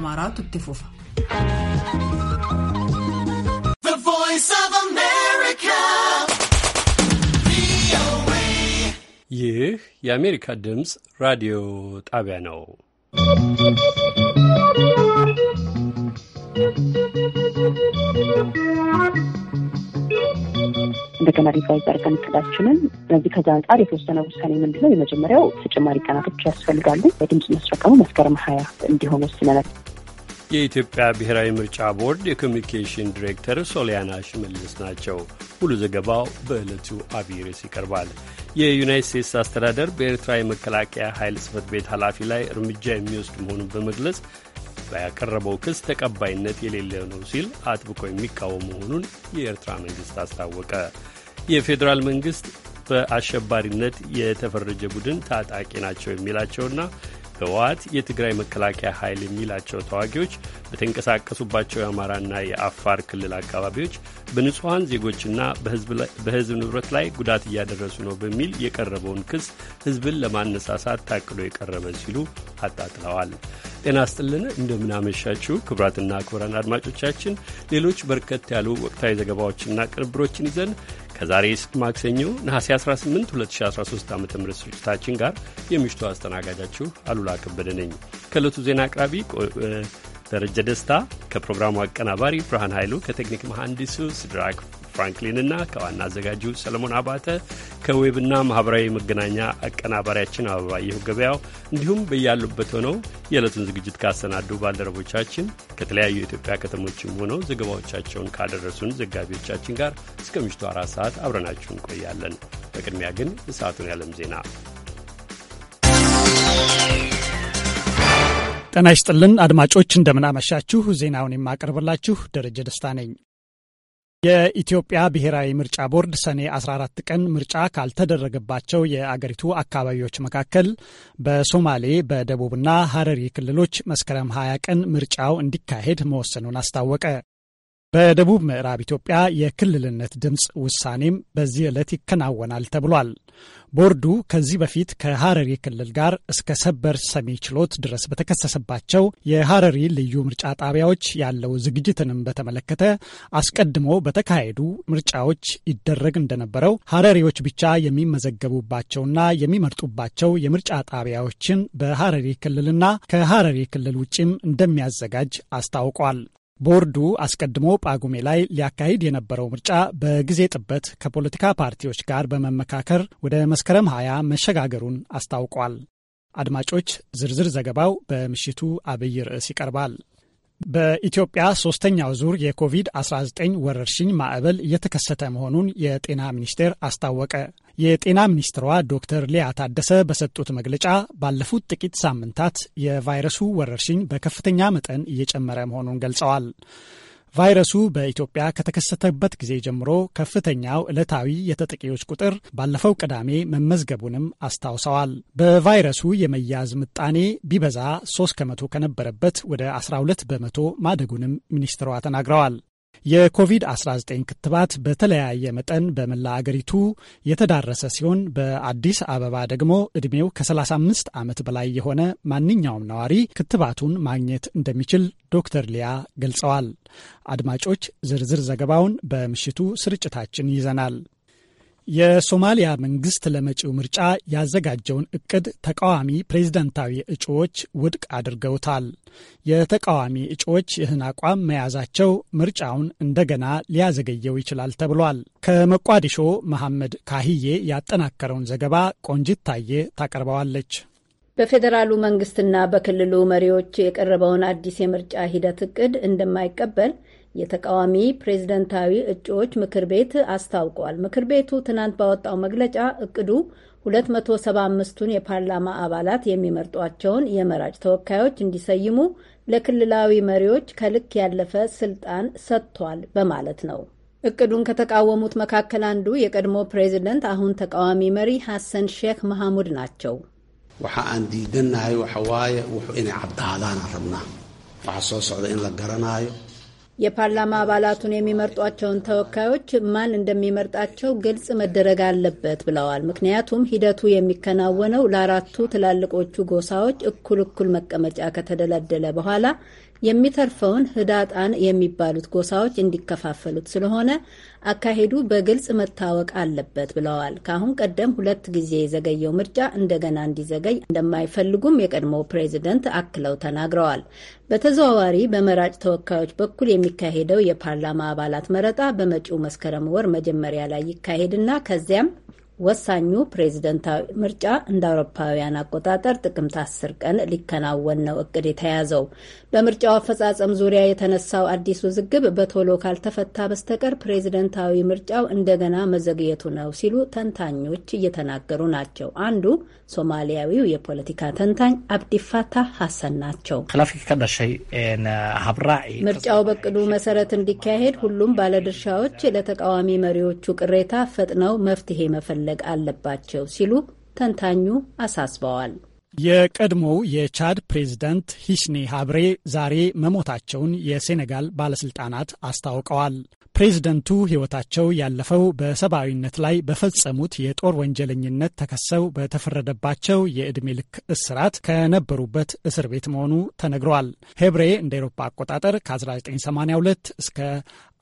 አማራ ቱቴ ይህ የአሜሪካ ድምፅ ራዲዮ ጣቢያ ነው። እንደገና ሪቫይዝ አድርገን እቅዳችንን ስለዚህ ከዛ አንጻር የተወሰነ ውሳኔ ምንድነው? የመጀመሪያው ተጨማሪ ቀናቶች ያስፈልጋሉ። በድምፅ መስረቀሙ መስከረም ሀያ እንዲሆን ወስነናል። የኢትዮጵያ ብሔራዊ ምርጫ ቦርድ የኮሚኒኬሽን ዲሬክተር ሶሊያና ሽመልስ ናቸው። ሙሉ ዘገባው በዕለቱ አብይ ርዕስ ይቀርባል። የዩናይት ስቴትስ አስተዳደር በኤርትራ የመከላከያ ኃይል ጽህፈት ቤት ኃላፊ ላይ እርምጃ የሚወስድ መሆኑን በመግለጽ ያቀረበው ክስ ተቀባይነት የሌለ ነው ሲል አጥብቆ የሚቃወም መሆኑን የኤርትራ መንግሥት አስታወቀ። የፌዴራል መንግሥት በአሸባሪነት የተፈረጀ ቡድን ታጣቂ ናቸው የሚላቸውና ህወሓት የትግራይ መከላከያ ኃይል የሚላቸው ተዋጊዎች በተንቀሳቀሱባቸው የአማራና የአፋር ክልል አካባቢዎች በንጹሐን ዜጎችና በህዝብ ንብረት ላይ ጉዳት እያደረሱ ነው በሚል የቀረበውን ክስ ህዝብን ለማነሳሳት ታቅዶ የቀረበ ሲሉ አጣጥለዋል። ጤና ስጥልን፣ እንደምናመሻችሁ ክቡራትና ክቡራን አድማጮቻችን ሌሎች በርከት ያሉ ወቅታዊ ዘገባዎችና ቅንብሮችን ይዘን ከዛሬ እስከ ማክሰኞ ነሐሴ 18 2013 ዓ ም ስርጭታችን ጋር የምሽቱ አስተናጋጃችሁ አሉላ ከበደ ነኝ። ከእለቱ ዜና አቅራቢ ደረጀ ደስታ፣ ከፕሮግራሙ አቀናባሪ ብርሃን ኃይሉ፣ ከቴክኒክ መሐንዲሱ ስድራክ ፍራንክሊንና ከዋና አዘጋጁ ሰለሞን አባተ ከዌብና ማኅበራዊ መገናኛ አቀናባሪያችን አበባየሁ ገበያው እንዲሁም በያሉበት ሆነው የዕለቱን ዝግጅት ካሰናዱ ባልደረቦቻችን ከተለያዩ የኢትዮጵያ ከተሞችም ሆነው ዘገባዎቻቸውን ካደረሱን ዘጋቢዎቻችን ጋር እስከ ምሽቱ አራት ሰዓት አብረናችሁ እንቆያለን። በቅድሚያ ግን የሰዓቱን ያለም ዜና ጤና ይስጥልን አድማጮች፣ እንደምናመሻችሁ። ዜናውን የማቀርብላችሁ ደረጀ ደስታ ነኝ። የኢትዮጵያ ብሔራዊ ምርጫ ቦርድ ሰኔ 14 ቀን ምርጫ ካልተደረገባቸው የአገሪቱ አካባቢዎች መካከል በሶማሌ በደቡብና ሀረሪ ክልሎች መስከረም 20 ቀን ምርጫው እንዲካሄድ መወሰኑን አስታወቀ። በደቡብ ምዕራብ ኢትዮጵያ የክልልነት ድምፅ ውሳኔም በዚህ ዕለት ይከናወናል ተብሏል። ቦርዱ ከዚህ በፊት ከሐረሪ ክልል ጋር እስከ ሰበር ሰሚ ችሎት ድረስ በተከሰሰባቸው የሐረሪ ልዩ ምርጫ ጣቢያዎች ያለው ዝግጅትንም በተመለከተ አስቀድሞ በተካሄዱ ምርጫዎች ይደረግ እንደነበረው ሐረሪዎች ብቻ የሚመዘገቡባቸውና የሚመርጡባቸው የምርጫ ጣቢያዎችን በሐረሪ ክልልና ከሐረሪ ክልል ውጭም እንደሚያዘጋጅ አስታውቋል። ቦርዱ አስቀድሞ ጳጉሜ ላይ ሊያካሂድ የነበረው ምርጫ በጊዜ ጥበት ከፖለቲካ ፓርቲዎች ጋር በመመካከር ወደ መስከረም 20 መሸጋገሩን አስታውቋል። አድማጮች፣ ዝርዝር ዘገባው በምሽቱ አብይ ርዕስ ይቀርባል። በኢትዮጵያ ሶስተኛው ዙር የኮቪድ-19 ወረርሽኝ ማዕበል እየተከሰተ መሆኑን የጤና ሚኒስቴር አስታወቀ። የጤና ሚኒስትሯ ዶክተር ሊያ ታደሰ በሰጡት መግለጫ ባለፉት ጥቂት ሳምንታት የቫይረሱ ወረርሽኝ በከፍተኛ መጠን እየጨመረ መሆኑን ገልጸዋል። ቫይረሱ በኢትዮጵያ ከተከሰተበት ጊዜ ጀምሮ ከፍተኛው ዕለታዊ የተጠቂዎች ቁጥር ባለፈው ቅዳሜ መመዝገቡንም አስታውሰዋል። በቫይረሱ የመያዝ ምጣኔ ቢበዛ 3 ከመቶ ከነበረበት ወደ 12 በመቶ ማደጉንም ሚኒስትሯ ተናግረዋል። የኮቪድ-19 ክትባት በተለያየ መጠን በመላ አገሪቱ የተዳረሰ ሲሆን በአዲስ አበባ ደግሞ ዕድሜው ከ35 ዓመት በላይ የሆነ ማንኛውም ነዋሪ ክትባቱን ማግኘት እንደሚችል ዶክተር ሊያ ገልጸዋል። አድማጮች ዝርዝር ዘገባውን በምሽቱ ስርጭታችን ይዘናል። የሶማሊያ መንግስት ለመጪው ምርጫ ያዘጋጀውን እቅድ ተቃዋሚ ፕሬዝደንታዊ እጩዎች ውድቅ አድርገውታል። የተቃዋሚ እጩዎች ይህን አቋም መያዛቸው ምርጫውን እንደገና ሊያዘገየው ይችላል ተብሏል። ከመቋዲሾ መሐመድ ካህዬ ያጠናከረውን ዘገባ ቆንጂት ታዬ ታቀርበዋለች። በፌዴራሉ መንግስትና በክልሉ መሪዎች የቀረበውን አዲስ የምርጫ ሂደት እቅድ እንደማይቀበል የተቃዋሚ ፕሬዝደንታዊ እጩዎች ምክር ቤት አስታውቋል። ምክር ቤቱ ትናንት ባወጣው መግለጫ እቅዱ 275ቱን የፓርላማ አባላት የሚመርጧቸውን የመራጭ ተወካዮች እንዲሰይሙ ለክልላዊ መሪዎች ከልክ ያለፈ ስልጣን ሰጥቷል በማለት ነው። እቅዱን ከተቃወሙት መካከል አንዱ የቀድሞ ፕሬዚደንት አሁን ተቃዋሚ መሪ ሐሰን ሼክ መሐሙድ ናቸው። waxa aan diidannahay waxa ውሑ ኢነ inay caddaadaan arabnaa waxa soo የፓርላማ አባላቱን የሚመርጧቸውን ተወካዮች ማን እንደሚመርጣቸው ግልጽ መደረግ አለበት ብለዋል። ምክንያቱም ሂደቱ የሚከናወነው ለአራቱ ትላልቆቹ ጎሳዎች እኩል እኩል መቀመጫ ከተደለደለ በኋላ የሚተርፈውን ህዳጣን የሚባሉት ጎሳዎች እንዲከፋፈሉት ስለሆነ አካሄዱ በግልጽ መታወቅ አለበት ብለዋል። ከአሁን ቀደም ሁለት ጊዜ የዘገየው ምርጫ እንደገና እንዲዘገይ እንደማይፈልጉም የቀድሞው ፕሬዚደንት አክለው ተናግረዋል። በተዘዋዋሪ በመራጭ ተወካዮች በኩል የሚካሄደው የፓርላማ አባላት መረጣ በመጪው መስከረም ወር መጀመሪያ ላይ ይካሄድና ከዚያም ወሳኙ ፕሬዝደንታዊ ምርጫ እንደ አውሮፓውያን አቆጣጠር ጥቅምት 10 ቀን ሊከናወን ነው እቅድ የተያዘው። በምርጫው አፈጻጸም ዙሪያ የተነሳው አዲስ ውዝግብ በቶሎ ካልተፈታ በስተቀር ፕሬዝደንታዊ ምርጫው እንደገና መዘግየቱ ነው ሲሉ ተንታኞች እየተናገሩ ናቸው። አንዱ ሶማሊያዊው የፖለቲካ ተንታኝ አብዲፋታህ ሀሰን ናቸው። ምርጫው በእቅዱ መሰረት እንዲካሄድ ሁሉም ባለድርሻዎች ለተቃዋሚ መሪዎቹ ቅሬታ ፈጥነው መፍትሄ መፈለግ መፈለግ አለባቸው ሲሉ ተንታኙ አሳስበዋል። የቀድሞው የቻድ ፕሬዝደንት ሂስኔ ሀብሬ ዛሬ መሞታቸውን የሴኔጋል ባለስልጣናት አስታውቀዋል። ፕሬዝደንቱ ሕይወታቸው ያለፈው በሰብአዊነት ላይ በፈጸሙት የጦር ወንጀለኝነት ተከሰው በተፈረደባቸው የዕድሜ ልክ እስራት ከነበሩበት እስር ቤት መሆኑ ተነግሯል። ሄብሬ እንደ ኤሮፓ አቆጣጠር ከ1982 እስከ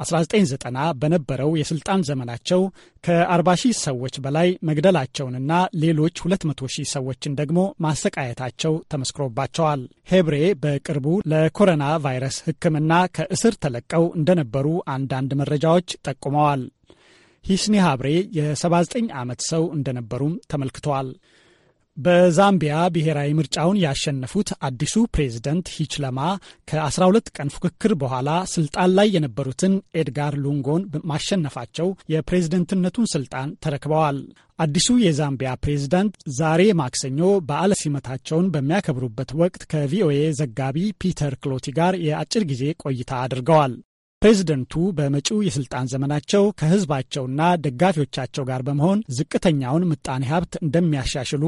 1990 በነበረው የስልጣን ዘመናቸው ከ40 ሺህ ሰዎች በላይ መግደላቸውንና ሌሎች 200 ሺህ ሰዎችን ደግሞ ማሰቃየታቸው ተመስክሮባቸዋል። ሄብሬ በቅርቡ ለኮሮና ቫይረስ ሕክምና ከእስር ተለቀው እንደነበሩ አንዳንድ መረጃዎች ጠቁመዋል። ሂስኒ ሀብሬ የ79 ዓመት ሰው እንደነበሩም ተመልክተዋል። በዛምቢያ ብሔራዊ ምርጫውን ያሸነፉት አዲሱ ፕሬዝደንት ሂችለማ ከ12 ቀን ፉክክር በኋላ ስልጣን ላይ የነበሩትን ኤድጋር ሉንጎን ማሸነፋቸው የፕሬዝደንትነቱን ስልጣን ተረክበዋል። አዲሱ የዛምቢያ ፕሬዝዳንት ዛሬ ማክሰኞ በዓለ ሲመታቸውን በሚያከብሩበት ወቅት ከቪኦኤ ዘጋቢ ፒተር ክሎቲ ጋር የአጭር ጊዜ ቆይታ አድርገዋል። ፕሬዝደንቱ በመጪው የስልጣን ዘመናቸው ከህዝባቸውና ደጋፊዎቻቸው ጋር በመሆን ዝቅተኛውን ምጣኔ ሀብት እንደሚያሻሽሉ፣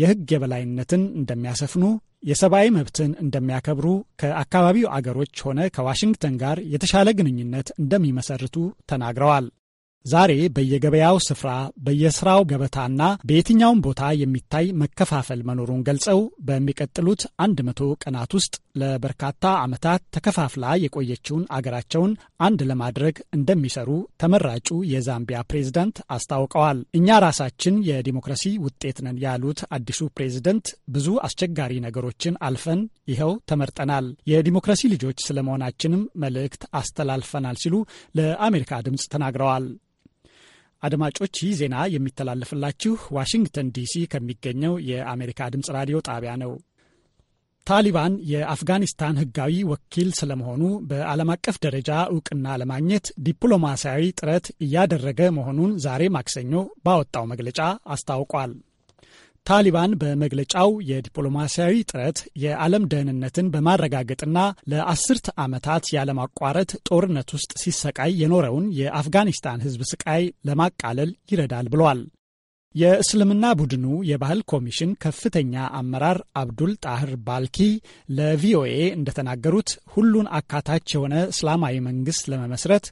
የህግ የበላይነትን እንደሚያሰፍኑ የሰብአዊ መብትን እንደሚያከብሩ ከአካባቢው አገሮች ሆነ ከዋሽንግተን ጋር የተሻለ ግንኙነት እንደሚመሰርቱ ተናግረዋል። ዛሬ በየገበያው ስፍራ በየስራው ገበታና በየትኛውም ቦታ የሚታይ መከፋፈል መኖሩን ገልጸው በሚቀጥሉት አንድ መቶ ቀናት ውስጥ ለበርካታ ዓመታት ተከፋፍላ የቆየችውን አገራቸውን አንድ ለማድረግ እንደሚሰሩ ተመራጩ የዛምቢያ ፕሬዝደንት አስታውቀዋል። እኛ ራሳችን የዲሞክራሲ ውጤት ነን ያሉት አዲሱ ፕሬዝደንት ብዙ አስቸጋሪ ነገሮችን አልፈን ይኸው ተመርጠናል፣ የዲሞክራሲ ልጆች ስለመሆናችንም መልእክት አስተላልፈናል ሲሉ ለአሜሪካ ድምፅ ተናግረዋል። አድማጮች ይህ ዜና የሚተላለፍላችሁ ዋሽንግተን ዲሲ ከሚገኘው የአሜሪካ ድምፅ ራዲዮ ጣቢያ ነው። ታሊባን የአፍጋኒስታን ሕጋዊ ወኪል ስለመሆኑ በዓለም አቀፍ ደረጃ እውቅና ለማግኘት ዲፕሎማሲያዊ ጥረት እያደረገ መሆኑን ዛሬ ማክሰኞ ባወጣው መግለጫ አስታውቋል። ታሊባን በመግለጫው የዲፕሎማሲያዊ ጥረት የዓለም ደህንነትን በማረጋገጥና ለአስርት ዓመታት ያለማቋረጥ ጦርነት ውስጥ ሲሰቃይ የኖረውን የአፍጋኒስታን ሕዝብ ስቃይ ለማቃለል ይረዳል ብሏል። የእስልምና ቡድኑ የባህል ኮሚሽን ከፍተኛ አመራር አብዱል ጣህር ባልኪ ለቪኦኤ እንደተናገሩት ሁሉን አካታች የሆነ እስላማዊ መንግስት ለመመስረት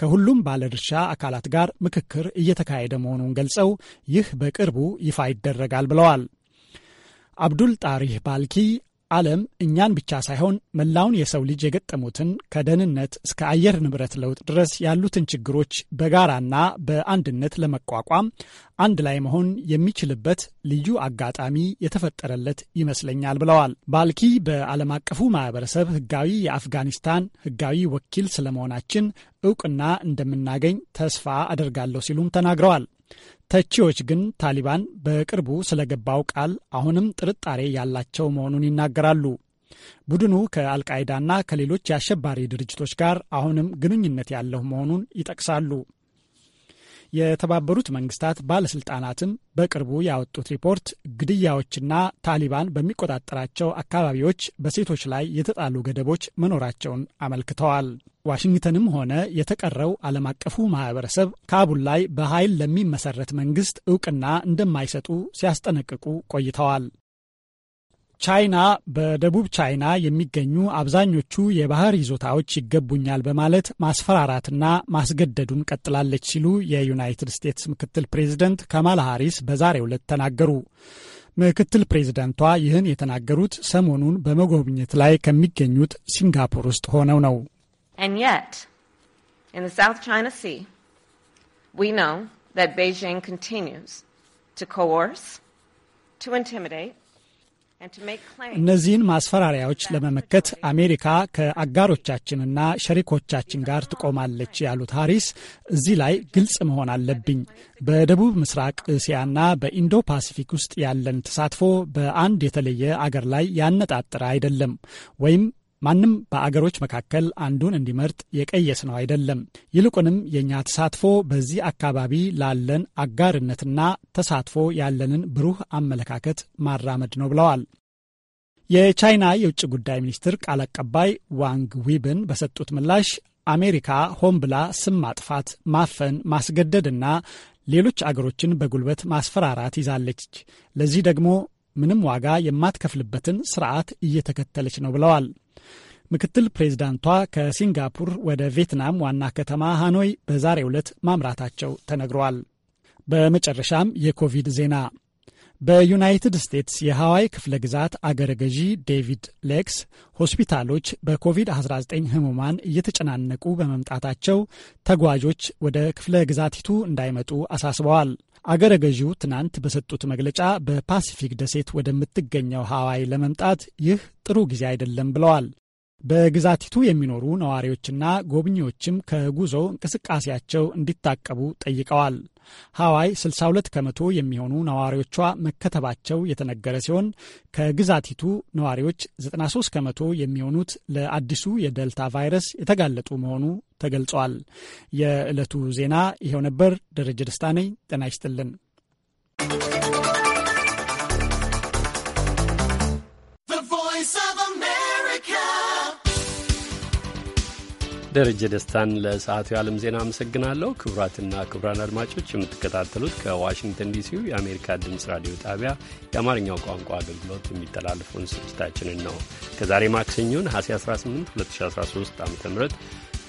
ከሁሉም ባለድርሻ አካላት ጋር ምክክር እየተካሄደ መሆኑን ገልጸው ይህ በቅርቡ ይፋ ይደረጋል ብለዋል። አብዱል ጣሪህ ባልኪ ዓለም እኛን ብቻ ሳይሆን መላውን የሰው ልጅ የገጠሙትን ከደህንነት እስከ አየር ንብረት ለውጥ ድረስ ያሉትን ችግሮች በጋራና በአንድነት ለመቋቋም አንድ ላይ መሆን የሚችልበት ልዩ አጋጣሚ የተፈጠረለት ይመስለኛል ብለዋል። ባልኪ በዓለም አቀፉ ማህበረሰብ ህጋዊ የአፍጋኒስታን ህጋዊ ወኪል ስለመሆናችን እውቅና እንደምናገኝ ተስፋ አደርጋለሁ ሲሉም ተናግረዋል። ተቺዎች ግን ታሊባን በቅርቡ ስለገባው ቃል አሁንም ጥርጣሬ ያላቸው መሆኑን ይናገራሉ። ቡድኑ ከአልቃይዳና ከሌሎች የአሸባሪ ድርጅቶች ጋር አሁንም ግንኙነት ያለው መሆኑን ይጠቅሳሉ። የተባበሩት መንግስታት ባለስልጣናትም በቅርቡ ያወጡት ሪፖርት ግድያዎችና ታሊባን በሚቆጣጠራቸው አካባቢዎች በሴቶች ላይ የተጣሉ ገደቦች መኖራቸውን አመልክተዋል። ዋሽንግተንም ሆነ የተቀረው ዓለም አቀፉ ማህበረሰብ ካቡል ላይ በኃይል ለሚመሰረት መንግስት እውቅና እንደማይሰጡ ሲያስጠነቅቁ ቆይተዋል። ቻይና በደቡብ ቻይና የሚገኙ አብዛኞቹ የባህር ይዞታዎች ይገቡኛል በማለት ማስፈራራትና ማስገደዱን ቀጥላለች ሲሉ የዩናይትድ ስቴትስ ምክትል ፕሬዚደንት ካማላ ሃሪስ በዛሬው ዕለት ተናገሩ። ምክትል ፕሬዚደንቷ ይህን የተናገሩት ሰሞኑን በመጎብኘት ላይ ከሚገኙት ሲንጋፖር ውስጥ ሆነው ነው። And yet, in the South China Sea, we know that Beijing continues to coerce, to intimidate, እነዚህን ማስፈራሪያዎች ለመመከት አሜሪካ ከአጋሮቻችንና ሸሪኮቻችን ጋር ትቆማለች ያሉት ሃሪስ እዚህ ላይ ግልጽ መሆን አለብኝ። በደቡብ ምስራቅ እስያና በኢንዶ ፓሲፊክ ውስጥ ያለን ተሳትፎ በአንድ የተለየ አገር ላይ ያነጣጠረ አይደለም ወይም ማንም በአገሮች መካከል አንዱን እንዲመርጥ የቀየስ ነው አይደለም። ይልቁንም የእኛ ተሳትፎ በዚህ አካባቢ ላለን አጋርነትና ተሳትፎ ያለንን ብሩህ አመለካከት ማራመድ ነው ብለዋል። የቻይና የውጭ ጉዳይ ሚኒስትር ቃል አቀባይ ዋንግ ዊብን በሰጡት ምላሽ አሜሪካ ሆን ብላ ስም ማጥፋት፣ ማፈን፣ ማስገደድና ሌሎች አገሮችን በጉልበት ማስፈራራት ይዛለች። ለዚህ ደግሞ ምንም ዋጋ የማትከፍልበትን ስርዓት እየተከተለች ነው ብለዋል። ምክትል ፕሬዚዳንቷ ከሲንጋፑር ወደ ቪየትናም ዋና ከተማ ሃኖይ በዛሬው ዕለት ማምራታቸው ተነግሯል። በመጨረሻም የኮቪድ ዜና በዩናይትድ ስቴትስ የሃዋይ ክፍለ ግዛት አገረ ገዢ ዴቪድ ሌክስ ሆስፒታሎች በኮቪድ-19 ህሙማን እየተጨናነቁ በመምጣታቸው ተጓዦች ወደ ክፍለ ግዛቲቱ እንዳይመጡ አሳስበዋል። አገረ ገዢው ትናንት በሰጡት መግለጫ በፓሲፊክ ደሴት ወደምትገኘው ሃዋይ ለመምጣት ይህ ጥሩ ጊዜ አይደለም ብለዋል። በግዛቲቱ የሚኖሩ ነዋሪዎችና ጎብኚዎችም ከጉዞ እንቅስቃሴያቸው እንዲታቀቡ ጠይቀዋል። ሐዋይ 62 ከመቶ የሚሆኑ ነዋሪዎቿ መከተባቸው የተነገረ ሲሆን ከግዛቲቱ ነዋሪዎች 93 ከመቶ የሚሆኑት ለአዲሱ የደልታ ቫይረስ የተጋለጡ መሆኑ ተገልጿል። የዕለቱ ዜና ይኸው ነበር። ደረጀ ደስታ ነኝ። ጤና ይስጥልን። ደረጀ ደስታን ለሰዓቱ የዓለም ዜና አመሰግናለሁ። ክቡራትና ክቡራን አድማጮች የምትከታተሉት ከዋሽንግተን ዲሲው የአሜሪካ ድምፅ ራዲዮ ጣቢያ የአማርኛው ቋንቋ አገልግሎት የሚተላለፈውን ስርጭታችንን ነው። ከዛሬ ማክሰኞን ሐሴ 18 2013 ዓ ም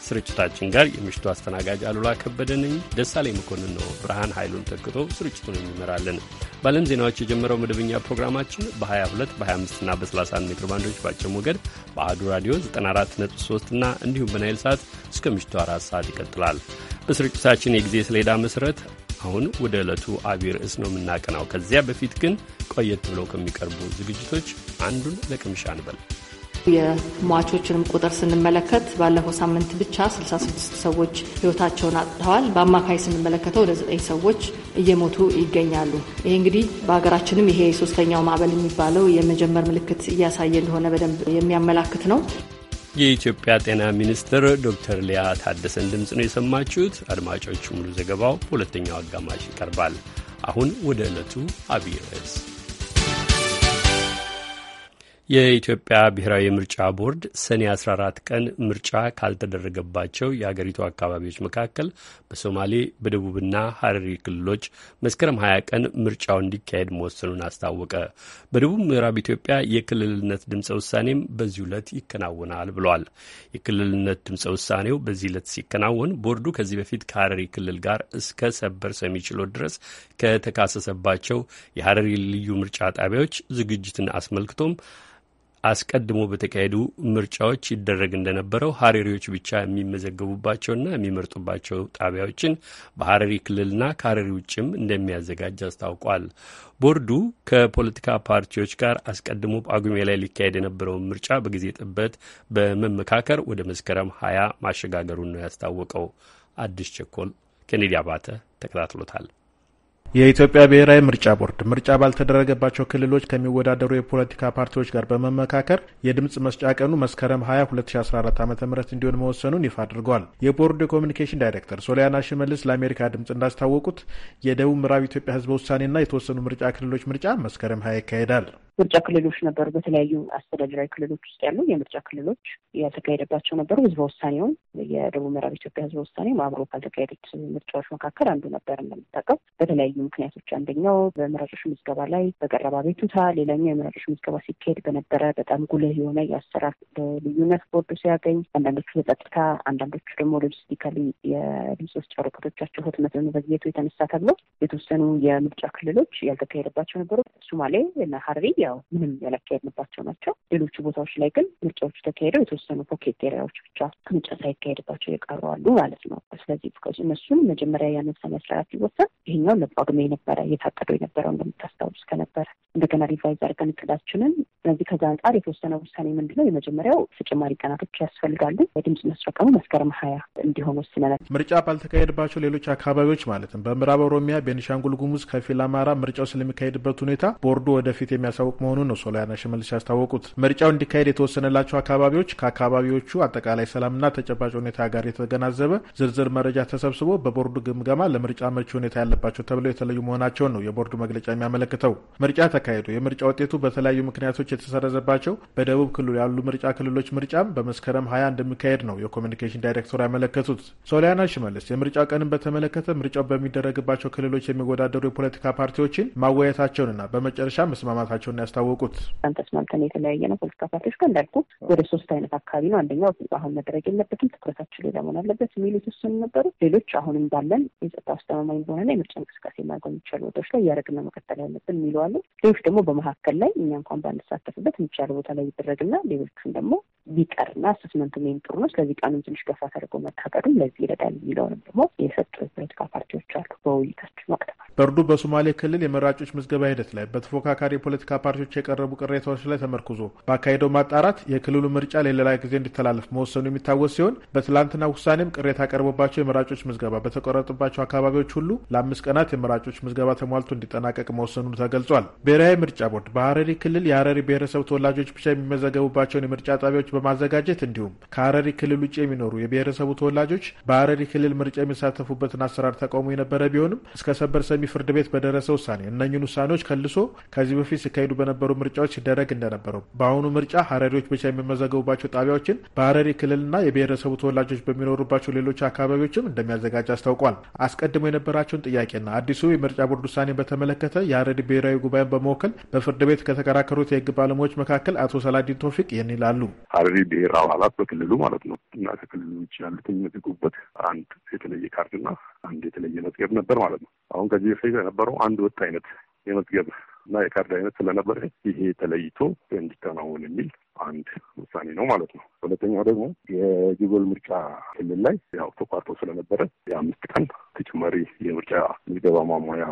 ስርጭታችን ጋር የምሽቱ አስተናጋጅ አሉላ ከበደ ነኝ። ደሳሌ መኮንን ነው ብርሃን ኃይሉን ተክቶ ስርጭቱን የሚመራልን። በዓለም ዜናዎች የጀመረው መደበኛ ፕሮግራማችን በ22 በ25ና በ31 ሜትር ባንዶች በአጭር ሞገድ በአህዱ ራዲዮ 943 እና እንዲሁም በናይል ሰዓት እስከ ምሽቱ አራት ሰዓት ይቀጥላል። በስርጭታችን የጊዜ ሰሌዳ መሠረት አሁን ወደ ዕለቱ አቢይ ርዕስ ነው የምናቀናው። ከዚያ በፊት ግን ቆየት ብለው ከሚቀርቡ ዝግጅቶች አንዱን ለቅምሻ እንበል። የሟቾችንም ቁጥር ስንመለከት ባለፈው ሳምንት ብቻ 66 ሰዎች ህይወታቸውን አጥተዋል። በአማካይ ስንመለከተው ወደ ዘጠኝ ሰዎች እየሞቱ ይገኛሉ። ይሄ እንግዲህ በሀገራችንም ይሄ ሶስተኛው ማዕበል የሚባለው የመጀመር ምልክት እያሳየ እንደሆነ በደንብ የሚያመላክት ነው። የኢትዮጵያ ጤና ሚኒስትር ዶክተር ሊያ ታደሰን ድምፅ ነው የሰማችሁት። አድማጮች ሙሉ ዘገባው በሁለተኛው አጋማሽ ይቀርባል። አሁን ወደ ዕለቱ አብይ ርዕስ የኢትዮጵያ ብሔራዊ ምርጫ ቦርድ ሰኔ 14 ቀን ምርጫ ካልተደረገባቸው የአገሪቱ አካባቢዎች መካከል በሶማሌ በደቡብና ሀረሪ ክልሎች መስከረም 20 ቀን ምርጫው እንዲካሄድ መወሰኑን አስታወቀ። በደቡብ ምዕራብ ኢትዮጵያ የክልልነት ድምፀ ውሳኔም በዚህ ዕለት ይከናወናል ብሏል። የክልልነት ድምፀ ውሳኔው በዚህ ዕለት ሲከናወን ቦርዱ ከዚህ በፊት ከሀረሪ ክልል ጋር እስከ ሰበር ሰሚ ችሎት ድረስ ከተካሰሰባቸው የሀረሪ ልዩ ምርጫ ጣቢያዎች ዝግጅትን አስመልክቶም አስቀድሞ በተካሄዱ ምርጫዎች ይደረግ እንደነበረው ሀረሪዎች ብቻ የሚመዘገቡባቸውና የሚመርጡባቸው ጣቢያዎችን በሀረሪ ክልልና ከሀረሪ ውጭም እንደሚያዘጋጅ አስታውቋል። ቦርዱ ከፖለቲካ ፓርቲዎች ጋር አስቀድሞ ጳጉሜ ላይ ሊካሄድ የነበረውን ምርጫ በጊዜ ጥበት በመመካከር ወደ መስከረም ሀያ ማሸጋገሩን ነው ያስታወቀው። አዲስ ቸኮል ኬኔዲ አባተ ተከታትሎታል። የኢትዮጵያ ብሔራዊ ምርጫ ቦርድ ምርጫ ባልተደረገባቸው ክልሎች ከሚወዳደሩ የፖለቲካ ፓርቲዎች ጋር በመመካከር የድምፅ መስጫ ቀኑ መስከረም 20 2014 ዓ ም እንዲሆን መወሰኑን ይፋ አድርገዋል። የቦርዱ የኮሚኒኬሽን ዳይሬክተር ሶሊያና ሽመልስ ለአሜሪካ ድምፅ እንዳስታወቁት የደቡብ ምዕራብ ኢትዮጵያ ህዝበ ውሳኔና የተወሰኑ ምርጫ ክልሎች ምርጫ መስከረም 20 ይካሄዳል። ምርጫ ክልሎች ነበሩ። በተለያዩ አስተዳደራዊ ክልሎች ውስጥ ያሉ የምርጫ ክልሎች ያልተካሄደባቸው ነበሩ። ህዝበ ውሳኔውን የደቡብ ምዕራብ ኢትዮጵያ ህዝበ ውሳኔ አብሮ ካልተካሄዱት ምርጫዎች መካከል አንዱ ነበር እንደምታውቀው በተለያዩ ምክንያቶች አንደኛው በመራጮች ምዝገባ ላይ በቀረባ ቤቱታ፣ ሌላኛው የመራጮች ምዝገባ ሲካሄድ በነበረ በጣም ጉልህ የሆነ የአሰራር ልዩነት ቦርዱ ሲያገኝ፣ አንዳንዶቹ በጸጥታ አንዳንዶቹ ደግሞ ሎጂስቲካሊ የድምፅ መስጫ ወረቀቶቻቸው ህትመትን የተነሳ ተብሎ የተወሰኑ የምርጫ ክልሎች ያልተካሄደባቸው ነበሩ። ሱማሌ እና ሀረሪ ያው ምንም ያላካሄድንባቸው ናቸው። ሌሎቹ ቦታዎች ላይ ግን ምርጫዎቹ ተካሄደው የተወሰኑ ፖኬት ኤሪያዎች ብቻ ምርጫ ሳይካሄድባቸው የቀሩ አሉ ማለት ነው። ስለዚህ እነሱን መጀመሪያ ያነሳ መስራት ሲወሰን ይሄኛው ጳጉሜ ነበረ እየታቀደው የነበረው እንደምታስታውስ ከነበረ እንደገና ሪቫይዝ አድርገን እቅዳችንን። ስለዚህ ከዛ አንጻር የተወሰነ ውሳኔ ምንድነው የመጀመሪያው ተጨማሪ ቀናቶች ያስፈልጋሉ። የድምፅ መስጫ ቀኑ መስከረም ሀያ እንዲሆን ወስነናል። ምርጫ ባልተካሄድባቸው ሌሎች አካባቢዎች ማለትም በምዕራብ ኦሮሚያ፣ ቤኒሻንጉል ጉሙዝ፣ ከፊል አማራ ምርጫው ስለሚካሄድበት ሁኔታ ቦርዱ ወደፊት የሚያሳውቅ መሆኑን ነው ሶሊያና ሽመልስ ያስታወቁት። ምርጫው እንዲካሄድ የተወሰነላቸው አካባቢዎች ከአካባቢዎቹ አጠቃላይ ሰላምና ተጨባጭ ሁኔታ ጋር የተገናዘበ ዝርዝር መረጃ ተሰብስቦ በቦርዱ ግምገማ ለምርጫ መቺ ሁኔታ ያለባቸው ተብለው የተለዩ መሆናቸውን ነው የቦርዱ መግለጫ የሚያመለክተው። ምርጫ ተካሂዶ የምርጫ ውጤቱ በተለያዩ ምክንያቶች የተሰረዘባቸው በደቡብ ክልል ያሉ ምርጫ ክልሎች ምርጫም በመስከረም ሀያ እንደሚካሄድ ነው የኮሚኒኬሽን ዳይሬክተሩ ያመለከቱት። ሶሊያና ሽመልስ የምርጫ ቀንን በተመለከተ ምርጫው በሚደረግባቸው ክልሎች የሚወዳደሩ የፖለቲካ ፓርቲዎችን ማወያየታቸውንና በመጨረሻ መስማማታቸውን ያስታወቁት ተስማምተን የተለያየ ነው ፖለቲካ ፓርቲዎች ጋር እንዳልኩ ወደ ሶስት አይነት አካባቢ ነው። አንደኛው አሁን መደረግ የለበትም ትኩረታችን ሌላ መሆን አለበት የሚሉት እሱን ነበሩ። ሌሎች አሁንም ባለን የጸጥታ አስተማማኝ በሆነና የምርጫ እንቅስቃሴ በምናገኙ ቦታዎች ላይ እያደረግን መቀጠል ያለብን የሚለዋለን። ሌሎች ደግሞ በመካከል ላይ እኛ እንኳን ባንሳተፍበት የሚቻል ቦታ ላይ ይደረግና ሌሎቹን ደግሞ ቢቀርና አሰስመንቱ ሜም ጥሩ ነው። ስለዚህ ቀኑን ትንሽ ገፋ ተደርጎ መታቀዱ ለዚህ ይረዳል የሚለውንም ደግሞ የሰጡ የፖለቲካ ፓርቲዎች አሉ በውይይታችን ወቅት። በርዱ በሶማሌ ክልል የመራጮች ምዝገባ ሂደት ላይ በተፎካካሪ የፖለቲካ ፓርቲዎች የቀረቡ ቅሬታዎች ላይ ተመርኩዞ በአካሄደው ማጣራት የክልሉ ምርጫ ለሌላ ጊዜ እንዲተላለፍ መወሰኑ የሚታወስ ሲሆን በትላንትና ውሳኔም ቅሬታ ቀርቦባቸው የመራጮች ምዝገባ በተቆረጡባቸው አካባቢዎች ሁሉ ለአምስት ቀናት የመራጮች ምዝገባ ተሟልቶ እንዲጠናቀቅ መወሰኑ ተገልጿል። ብሔራዊ ምርጫ ቦርድ በሀረሪ ክልል የሀረሪ ብሔረሰብ ተወላጆች ብቻ የሚመዘገቡባቸውን የምርጫ ጣቢያዎች በማዘጋጀት እንዲሁም ከሀረሪ ክልል ውጭ የሚኖሩ የብሔረሰቡ ተወላጆች በሀረሪ ክልል ምርጫ የሚሳተፉበትን አሰራር ተቃውሞ የነበረ ቢሆንም እስከ ሰበር ሰሚ ፍርድ ቤት በደረሰ ውሳኔ እነኝን ውሳኔዎች ከልሶ ከዚህ በፊት ሲካሄዱ በነበሩ ምርጫዎች ሲደረግ እንደነበረው በአሁኑ ምርጫ ሀረሪዎች ብቻ የሚመዘገቡባቸው ጣቢያዎችን በሀረሪ ክልልና የብሔረሰቡ ተወላጆች በሚኖሩባቸው ሌሎች አካባቢዎችም እንደሚያዘጋጅ አስታውቋል። አስቀድሞ የነበራቸውን ጥያቄና አዲሱ የምርጫ ቦርድ ውሳኔ በተመለከተ የሀረሪ ብሔራዊ ጉባኤን በመወከል በፍርድ ቤት ከተከራከሩት የህግ ባለሙያዎች መካከል አቶ ሰላዲን ቶፊቅ ይህን ይላሉ። የሀረሪ ብሔር አባላት በክልሉ ማለት ነው እና ከክልሉ ውጭ ያሉትን አንድ የተለየ ካርድና አንድ የተለየ መዝገብ ነበር ማለት ነው። አሁን ከዚህ በፊት የነበረው አንድ ወጥ አይነት የመዝገብ እና የካርድ አይነት ስለነበረ ይሄ ተለይቶ እንዲከናወን የሚል አንድ ውሳኔ ነው ማለት ነው። ሁለተኛው ደግሞ የጅጎል ምርጫ ክልል ላይ ያው ተቋርጦ ስለነበረ የአምስት ቀን ተጨማሪ የምርጫ ምዝገባ ማሟያ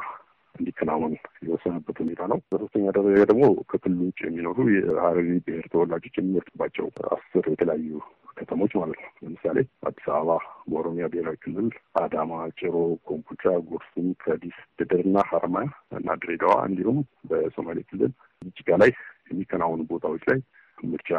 እንዲከናወን የወሰነበት ሁኔታ ነው። በሶስተኛ ደረጃ ደግሞ ከክልል ውጭ የሚኖሩ የሀረሪ ብሔር ተወላጆች የሚመርጡባቸው አስር የተለያዩ ከተሞች ማለት ነው። ለምሳሌ አዲስ አበባ በኦሮሚያ ብሔራዊ ክልል አዳማ፣ ጭሮ፣ ኮምቦልቻ፣ ጎርሱም፣ ከዲስ፣ ደደርና ሀርማ እና ድሬዳዋ እንዲሁም በሶማሌ ክልል ጅጅጋ ላይ የሚከናወኑ ቦታዎች ላይ ምርጫ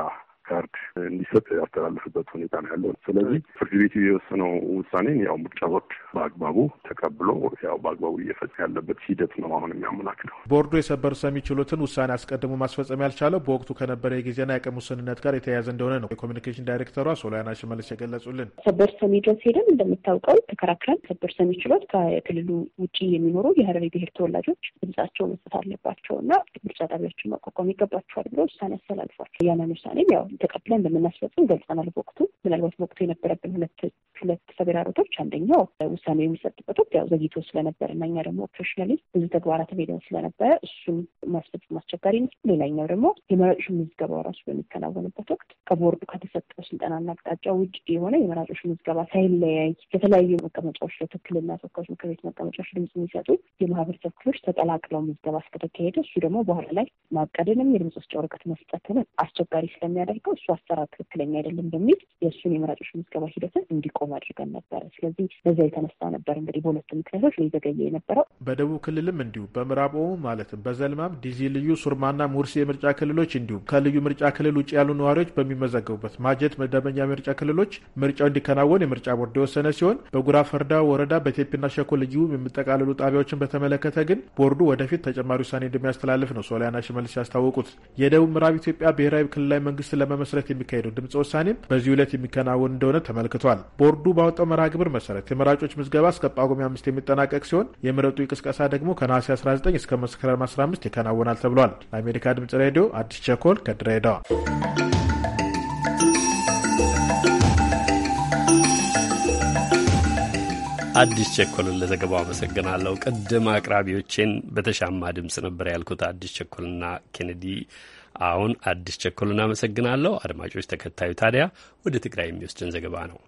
ካርድ እንዲሰጥ ያስተላልፍበት ሁኔታ ነው ያለው። ስለዚህ ፍርድ ቤቱ የወሰነው ውሳኔን ያው ምርጫ ቦርድ በአግባቡ ተቀብሎ ያው በአግባቡ እየፈጸመ ያለበት ሂደት ነው አሁን የሚያመላክተው። ቦርዱ የሰበር ሰሚ ችሎትን ውሳኔ አስቀድሞ ማስፈጸም ያልቻለው በወቅቱ ከነበረ የጊዜና የአቅም ውስንነት ጋር የተያያዘ እንደሆነ ነው የኮሚኒኬሽን ዳይሬክተሯ ሶሊያና ሽመልስ የገለጹልን። ሰበር ሰሚ ድረስ ሄደን እንደምታውቀው ተከራክረን ሰበር ሰሚ ችሎት ከክልሉ ውጭ የሚኖሩ የሀረሪ ብሔር ተወላጆች ድምጻቸው መስጠት አለባቸው እና ምርጫ ጣቢያዎችን ማቋቋም ይገባቸዋል ብሎ ውሳኔ አስተላልፏል። ያንን ውሳኔም ያው ተቀብለን እንደምናስፈጽም ገልጸናል። በወቅቱ ምናልባት በወቅቱ የነበረብን ሁለት ሁለት ተግዳሮቶች አንደኛው ውሳኔ የሚሰጥበት ወቅት ያው ዘግይቶ ስለነበር እና እኛ ደግሞ ኦፕሬሽናሊ ብዙ ተግባራት ሄደን ስለነበረ እሱን ማስፈጽም አስቸጋሪ ነው። ሌላኛው ደግሞ የመራጮች ምዝገባው ራሱ በሚከናወንበት ወቅት ከቦርዱ ከተሰጠው ስልጠናና አቅጣጫ ውጭ የሆነ የመራጮች ምዝገባ ሳይለያይ የተለያዩ መቀመጫዎች ለትክልና ተወካዮች ምክር ቤት መቀመጫዎች ድምጽ የሚሰጡ የማህበረሰብ ክፍሎች ተቀላቅለው ምዝገባ እስከተካሄደ እሱ ደግሞ በኋላ ላይ ማቀድንም የድምጽ መስጫ ወረቀት መስጠትንም አስቸጋሪ ስለሚያደርግ የተዘጋው እሱ አሰራር ትክክለኛ አይደለም በሚል የእሱን የመራጮች ምዝገባ ሂደትን እንዲቆም አድርገን ነበረ። ስለዚህ በዚያ የተነሳ ነበር እንግዲህ በሁለቱ ምክንያቶች ሊዘገየ የነበረው። በደቡብ ክልልም እንዲሁ በምዕራብ ኦሞ ማለትም በዘልማም ዲዚ ልዩ፣ ሱርማና ሙርሲ የምርጫ ክልሎች እንዲሁም ከልዩ ምርጫ ክልል ውጭ ያሉ ነዋሪዎች በሚመዘገቡበት ማጀት መደበኛ ምርጫ ክልሎች ምርጫው እንዲከናወን የምርጫ ቦርድ የወሰነ ሲሆን በጉራ ፈርዳ ወረዳ በቴፒና ሸኮ ልዩ የሚጠቃልሉ ጣቢያዎችን በተመለከተ ግን ቦርዱ ወደፊት ተጨማሪ ውሳኔ እንደሚያስተላልፍ ነው ሶሊያና ሽመልስ ያስታወቁት። የደቡብ ምዕራብ ኢትዮጵያ ብሔራዊ ክልላዊ መንግስት ለመ በመመስረት የሚካሄደው ድምፅ ውሳኔም በዚህ ዕለት የሚከናወን እንደሆነ ተመልክቷል። ቦርዱ ባወጣው መርሃ ግብር መሰረት የመራጮች ምዝገባ እስከ ጳጉሜ አምስት የሚጠናቀቅ ሲሆን የምረጡ ቅስቀሳ ደግሞ ከነሐሴ 19 እስከ መስከረም 15 ይከናወናል ተብሏል። ለአሜሪካ ድምፅ ሬዲዮ አዲስ ቸኮል ከድሬዳዋ። አዲስ ቸኮልን ለዘገባው አመሰግናለሁ። ቅድም አቅራቢዎቼን በተሻማ ድምፅ ነበር ያልኩት። አዲስ ቸኮልና ኬኔዲ አሁን አዲስ ቸኮል አመሰግናለሁ። አድማጮች፣ ተከታዩ ታዲያ ወደ ትግራይ የሚወስድን ዘገባ ነው።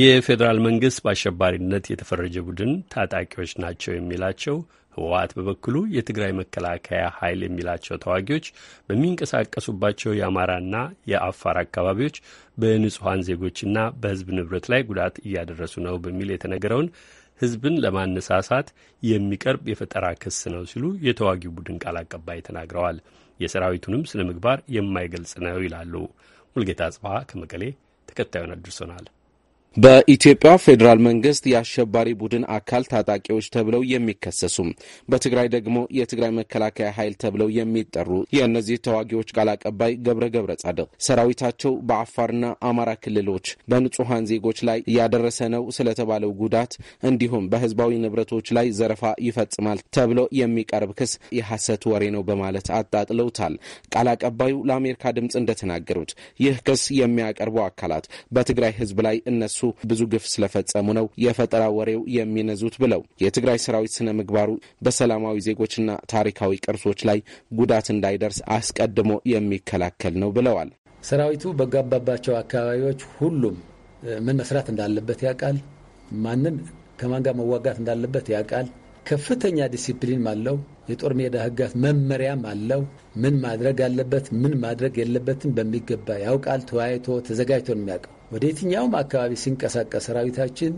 የፌዴራል መንግስት በአሸባሪነት የተፈረጀ ቡድን ታጣቂዎች ናቸው የሚላቸው ህወሓት በበኩሉ የትግራይ መከላከያ ኃይል የሚላቸው ተዋጊዎች በሚንቀሳቀሱባቸው የአማራና የአፋር አካባቢዎች በንጹሐን ዜጎችና በህዝብ ንብረት ላይ ጉዳት እያደረሱ ነው በሚል የተነገረውን ህዝብን ለማነሳሳት የሚቀርብ የፈጠራ ክስ ነው ሲሉ የተዋጊው ቡድን ቃል አቀባይ ተናግረዋል። የሰራዊቱንም ስነ ምግባር የማይገልጽ ነው ይላሉ። ሙልጌታ ጽበሀ ከመቀሌ ተከታዩን አድርሶናል። በኢትዮጵያ ፌዴራል መንግስት የአሸባሪ ቡድን አካል ታጣቂዎች ተብለው የሚከሰሱ በትግራይ ደግሞ የትግራይ መከላከያ ኃይል ተብለው የሚጠሩ የእነዚህ ተዋጊዎች ቃል አቀባይ ገብረ ገብረ ጻድቅ ሰራዊታቸው በአፋርና አማራ ክልሎች በንጹሐን ዜጎች ላይ እያደረሰ ነው ስለተባለው ጉዳት እንዲሁም በህዝባዊ ንብረቶች ላይ ዘረፋ ይፈጽማል ተብሎ የሚቀርብ ክስ የሐሰት ወሬ ነው በማለት አጣጥለውታል። ቃል አቀባዩ ለአሜሪካ ድምፅ እንደተናገሩት ይህ ክስ የሚያቀርቡ አካላት በትግራይ ህዝብ ላይ እነሱ ብዙ ግፍ ስለፈጸሙ ነው የፈጠራ ወሬው የሚነዙት ብለው የትግራይ ሰራዊት ስነ ምግባሩ በሰላማዊ ዜጎችና ታሪካዊ ቅርሶች ላይ ጉዳት እንዳይደርስ አስቀድሞ የሚከላከል ነው ብለዋል። ሰራዊቱ በጋባባቸው አካባቢዎች ሁሉም ምን መስራት እንዳለበት ያውቃል። ማንን ከማን ጋር መዋጋት እንዳለበት ያውቃል። ከፍተኛ ዲሲፕሊን አለው። የጦር ሜዳ ህጋት መመሪያም አለው። ምን ማድረግ አለበት፣ ምን ማድረግ የለበትም በሚገባ ያውቃል። ተወያይቶ ተዘጋጅቶ ነው የሚያውቀው። ወደ የትኛውም አካባቢ ሲንቀሳቀስ ሰራዊታችን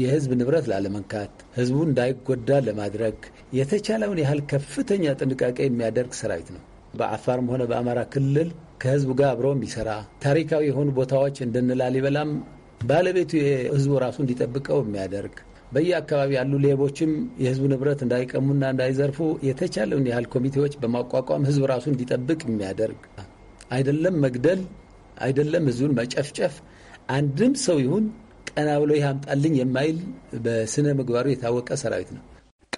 የህዝብ ንብረት ላለመንካት ህዝቡ እንዳይጎዳ ለማድረግ የተቻለውን ያህል ከፍተኛ ጥንቃቄ የሚያደርግ ሰራዊት ነው። በአፋርም ሆነ በአማራ ክልል ከህዝቡ ጋር አብሮ የሚሰራ ታሪካዊ የሆኑ ቦታዎች እንደነ ላሊበላም ባለቤቱ የህዝቡ ራሱ እንዲጠብቀው የሚያደርግ በየአካባቢ ያሉ ሌቦችም የህዝቡ ንብረት እንዳይቀሙና እንዳይዘርፉ የተቻለውን ያህል ኮሚቴዎች በማቋቋም ህዝብ ራሱ እንዲጠብቅ የሚያደርግ አይደለም መግደል አይደለም ህዝቡን መጨፍጨፍ አንድም ሰው ይሁን ቀና ብሎ ያምጣልኝ የማይል በስነ ምግባሩ የታወቀ ሰራዊት ነው።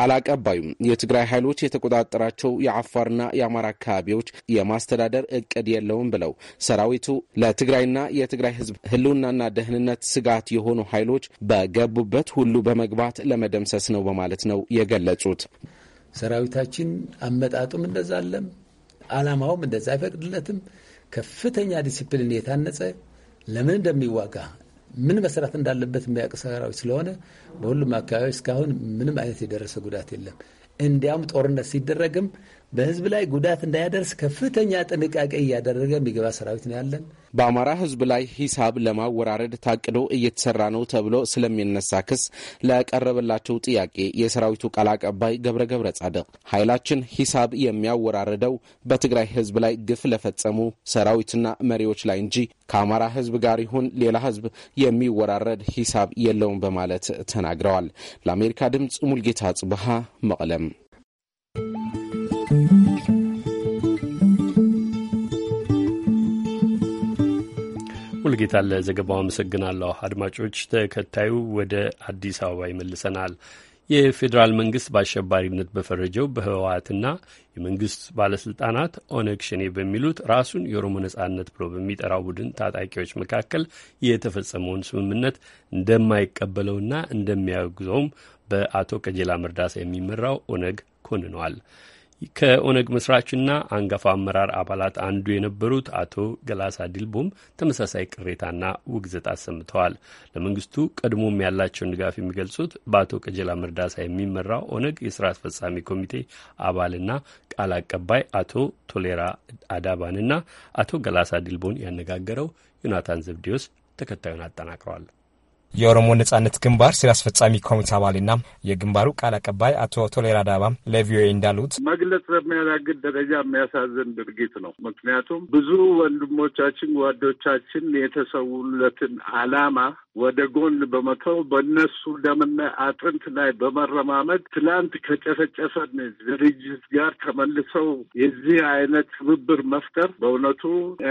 ቃል አቀባዩም የትግራይ ኃይሎች የተቆጣጠራቸው የአፋርና የአማራ አካባቢዎች የማስተዳደር እቅድ የለውም ብለው ሰራዊቱ ለትግራይና የትግራይ ሕዝብ ሕልውናና ደህንነት ስጋት የሆኑ ኃይሎች በገቡበት ሁሉ በመግባት ለመደምሰስ ነው በማለት ነው የገለጹት። ሰራዊታችን አመጣጡም እንደዛ አለም፣ አላማውም እንደዛ አይፈቅድለትም። ከፍተኛ ዲሲፕሊን የታነጸ ለምን እንደሚዋጋ ምን መስራት እንዳለበት የሚያውቅ ሰራዊት ስለሆነ በሁሉም አካባቢ እስካሁን ምንም አይነት የደረሰ ጉዳት የለም። እንዲያውም ጦርነት ሲደረግም በህዝብ ላይ ጉዳት እንዳያደርስ ከፍተኛ ጥንቃቄ እያደረገ የሚገባ ሰራዊት ነው ያለን። በአማራ ህዝብ ላይ ሂሳብ ለማወራረድ ታቅዶ እየተሰራ ነው ተብሎ ስለሚነሳ ክስ ለቀረበላቸው ጥያቄ የሰራዊቱ ቃል አቀባይ ገብረ ገብረ ጻድቅ ኃይላችን ሂሳብ የሚያወራርደው በትግራይ ህዝብ ላይ ግፍ ለፈጸሙ ሰራዊትና መሪዎች ላይ እንጂ ከአማራ ህዝብ ጋር ይሁን ሌላ ህዝብ የሚወራረድ ሂሳብ የለውም በማለት ተናግረዋል። ለአሜሪካ ድምፅ ሙልጌታ ጽብሃ መቀለም ሙልጌታ ለዘገባው አመሰግናለሁ። አድማጮች፣ ተከታዩ ወደ አዲስ አበባ ይመልሰናል። የፌዴራል መንግስት በአሸባሪነት በፈረጀው በህወሓትና የመንግስት ባለስልጣናት ኦነግ ሸኔ በሚሉት ራሱን የኦሮሞ ነጻነት ብሎ በሚጠራው ቡድን ታጣቂዎች መካከል የተፈጸመውን ስምምነት እንደማይቀበለውና እንደሚያግዘውም በአቶ ቀጀላ መርዳሳ የሚመራው ኦነግ ኮንኗል። ከኦነግ መስራችና አንጋፋ አመራር አባላት አንዱ የነበሩት አቶ ገላሳ ዲልቦም ተመሳሳይ ቅሬታና ውግዘት አሰምተዋል። ለመንግስቱ ቀድሞም ያላቸውን ድጋፍ የሚገልጹት በአቶ ቀጀላ መርዳሳ የሚመራው ኦነግ የስራ አስፈጻሚ ኮሚቴ አባልና ቃል አቀባይ አቶ ቶሌራ አዳባንና አቶ ገላሳ ዲልቦን ያነጋገረው ዮናታን ዘብዴዎስ ተከታዩን አጠናቅረዋል። የኦሮሞ ነጻነት ግንባር ስራ አስፈጻሚ ኮሚቴ አባልና የግንባሩ ቃል አቀባይ አቶ ቶሌራ ዳባ ለቪኦኤ እንዳሉት መግለጽ በሚያዳግድ ደረጃ የሚያሳዝን ድርጊት ነው። ምክንያቱም ብዙ ወንድሞቻችን ጓዶቻችን የተሰውለትን አላማ ወደ ጎን በመተው በእነሱ ደምና አጥንት ላይ በመረማመድ ትላንት ከጨፈጨፈን ድርጅት ጋር ተመልሰው የዚህ አይነት ትብብር መፍጠር በእውነቱ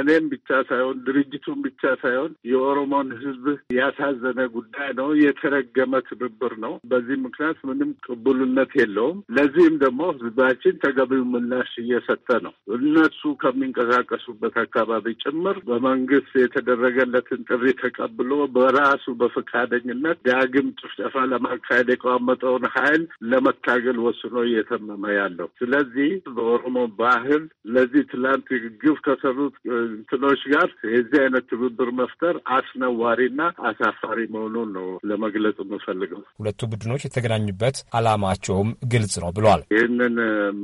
እኔም ብቻ ሳይሆን ድርጅቱን ብቻ ሳይሆን የኦሮሞን ሕዝብ ያሳዘነ ጉዳይ ነው። የተረገመ ትብብር ነው። በዚህ ምክንያት ምንም ቅቡልነት የለውም። ለዚህም ደግሞ ሕዝባችን ተገቢው ምላሽ እየሰጠ ነው። እነሱ ከሚንቀሳቀሱበት አካባቢ ጭምር በመንግስት የተደረገለትን ጥሪ ተቀብሎ በራ ራሱ በፈቃደኝነት ዳግም ጭፍጨፋ ለማካሄድ የቋመጠውን ኃይል ለመታገል ወስኖ እየተመመ ያለው። ስለዚህ በኦሮሞ ባህል ለዚህ ትላንት ግፍ ከሰሩት እንትኖች ጋር የዚህ አይነት ትብብር መፍጠር አስነዋሪና አሳፋሪ መሆኑን ነው ለመግለጽ የምፈልገው። ሁለቱ ቡድኖች የተገናኙበት አላማቸውም ግልጽ ነው ብሏል። ይህንን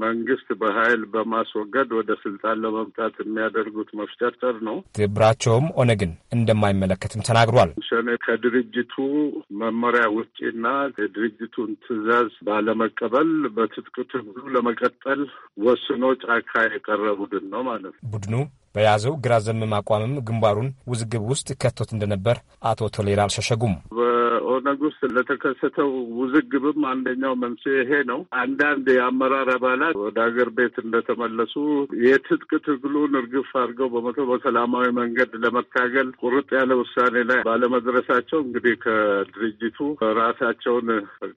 መንግስት በኃይል በማስወገድ ወደ ስልጣን ለመምጣት የሚያደርጉት መፍጨርጨር ነው። ትብብራቸውም ኦነግን እንደማይመለከትም ተናግሯል። ሸኔ ከድርጅቱ መመሪያ ውጪና የድርጅቱን ትዕዛዝ ባለመቀበል በትጥቅ ትግሉ ለመቀጠል ወስኖ ጫካ የቀረ ቡድን ነው ማለት ነው። ቡድኑ በያዘው ግራ ዘመም አቋምም ግንባሩን ውዝግብ ውስጥ ከቶት እንደነበር አቶ ቶሌራ አልሸሸጉም። በኦነግ ውስጥ ለተከሰተው ውዝግብም አንደኛው መንስኤ ይሄ ነው። አንዳንድ የአመራር አባላት ወደ ሀገር ቤት እንደተመለሱ የትጥቅ ትግሉን እርግፍ አድርገው በመቶ በሰላማዊ መንገድ ለመታገል ቁርጥ ያለ ውሳኔ ላይ ባለመድረሳቸው እንግዲህ ከድርጅቱ ራሳቸውን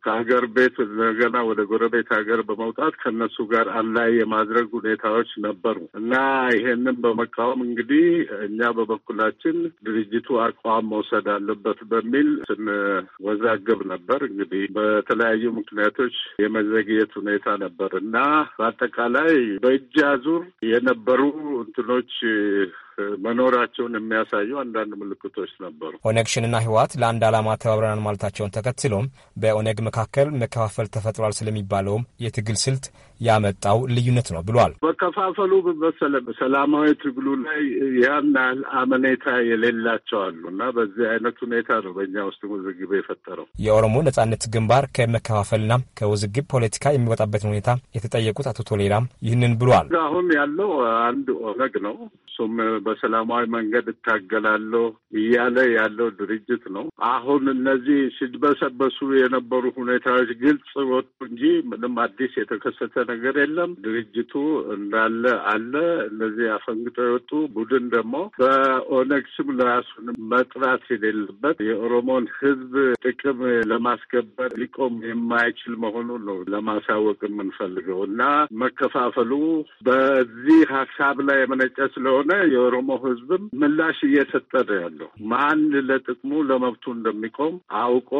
ከሀገር ቤት እንደገና ወደ ጎረቤት ሀገር በመውጣት ከነሱ ጋር አላይ የማድረግ ሁኔታዎች ነበሩ እና ይሄንን በመቃወም እንግዲህ እኛ በበኩላችን ድርጅቱ አቋም መውሰድ አለበት በሚል ስን ወዛግብ ነበር። እንግዲህ በተለያዩ ምክንያቶች የመዘግየት ሁኔታ ነበር እና በአጠቃላይ በእጅ አዙር የነበሩ እንትኖች መኖራቸውን የሚያሳዩ አንዳንድ ምልክቶች ነበሩ። ኦነግ ሽንና ህወሓት ለአንድ ዓላማ ተባብረናል ማለታቸውን ተከትሎም በኦነግ መካከል መከፋፈል ተፈጥሯል ስለሚባለውም የትግል ስልት ያመጣው ልዩነት ነው ብሏል። መከፋፈሉ ሰላማዊ ትግሉ ላይ ያን ያህል አመኔታ የሌላቸው አሉ እና በዚህ አይነት ሁኔታ ነው በእኛ ውስጥ ውዝግብ የፈጠረው። የኦሮሞ ነጻነት ግንባር ከመከፋፈልና ከውዝግብ ፖለቲካ የሚወጣበትን ሁኔታ የተጠየቁት አቶ ቶሌራም ይህንን ብሏል። አሁን ያለው አንድ ኦነግ ነው። እሱም በሰላማዊ መንገድ እታገላለሁ እያለ ያለው ድርጅት ነው። አሁን እነዚህ ሲድበሰበሱ የነበሩ ሁኔታዎች ግልጽ ወጡ እንጂ ምንም አዲስ የተከሰተ ነገር የለም። ድርጅቱ እንዳለ አለ። እነዚህ አፈንግጦ የወጡ ቡድን ደግሞ በኦነግ ስም መጥራት የሌለበት የኦሮሞን ሕዝብ ጥቅም ለማስከበር ሊቆም የማይችል መሆኑን ነው ለማሳወቅ የምንፈልገው እና መከፋፈሉ በዚህ ሀሳብ ላይ የመነጨ ስለሆነ ስለሆነ የኦሮሞ ህዝብም ምላሽ እየሰጠ ነው ያለው። ማን ለጥቅሙ ለመብቱ እንደሚቆም አውቆ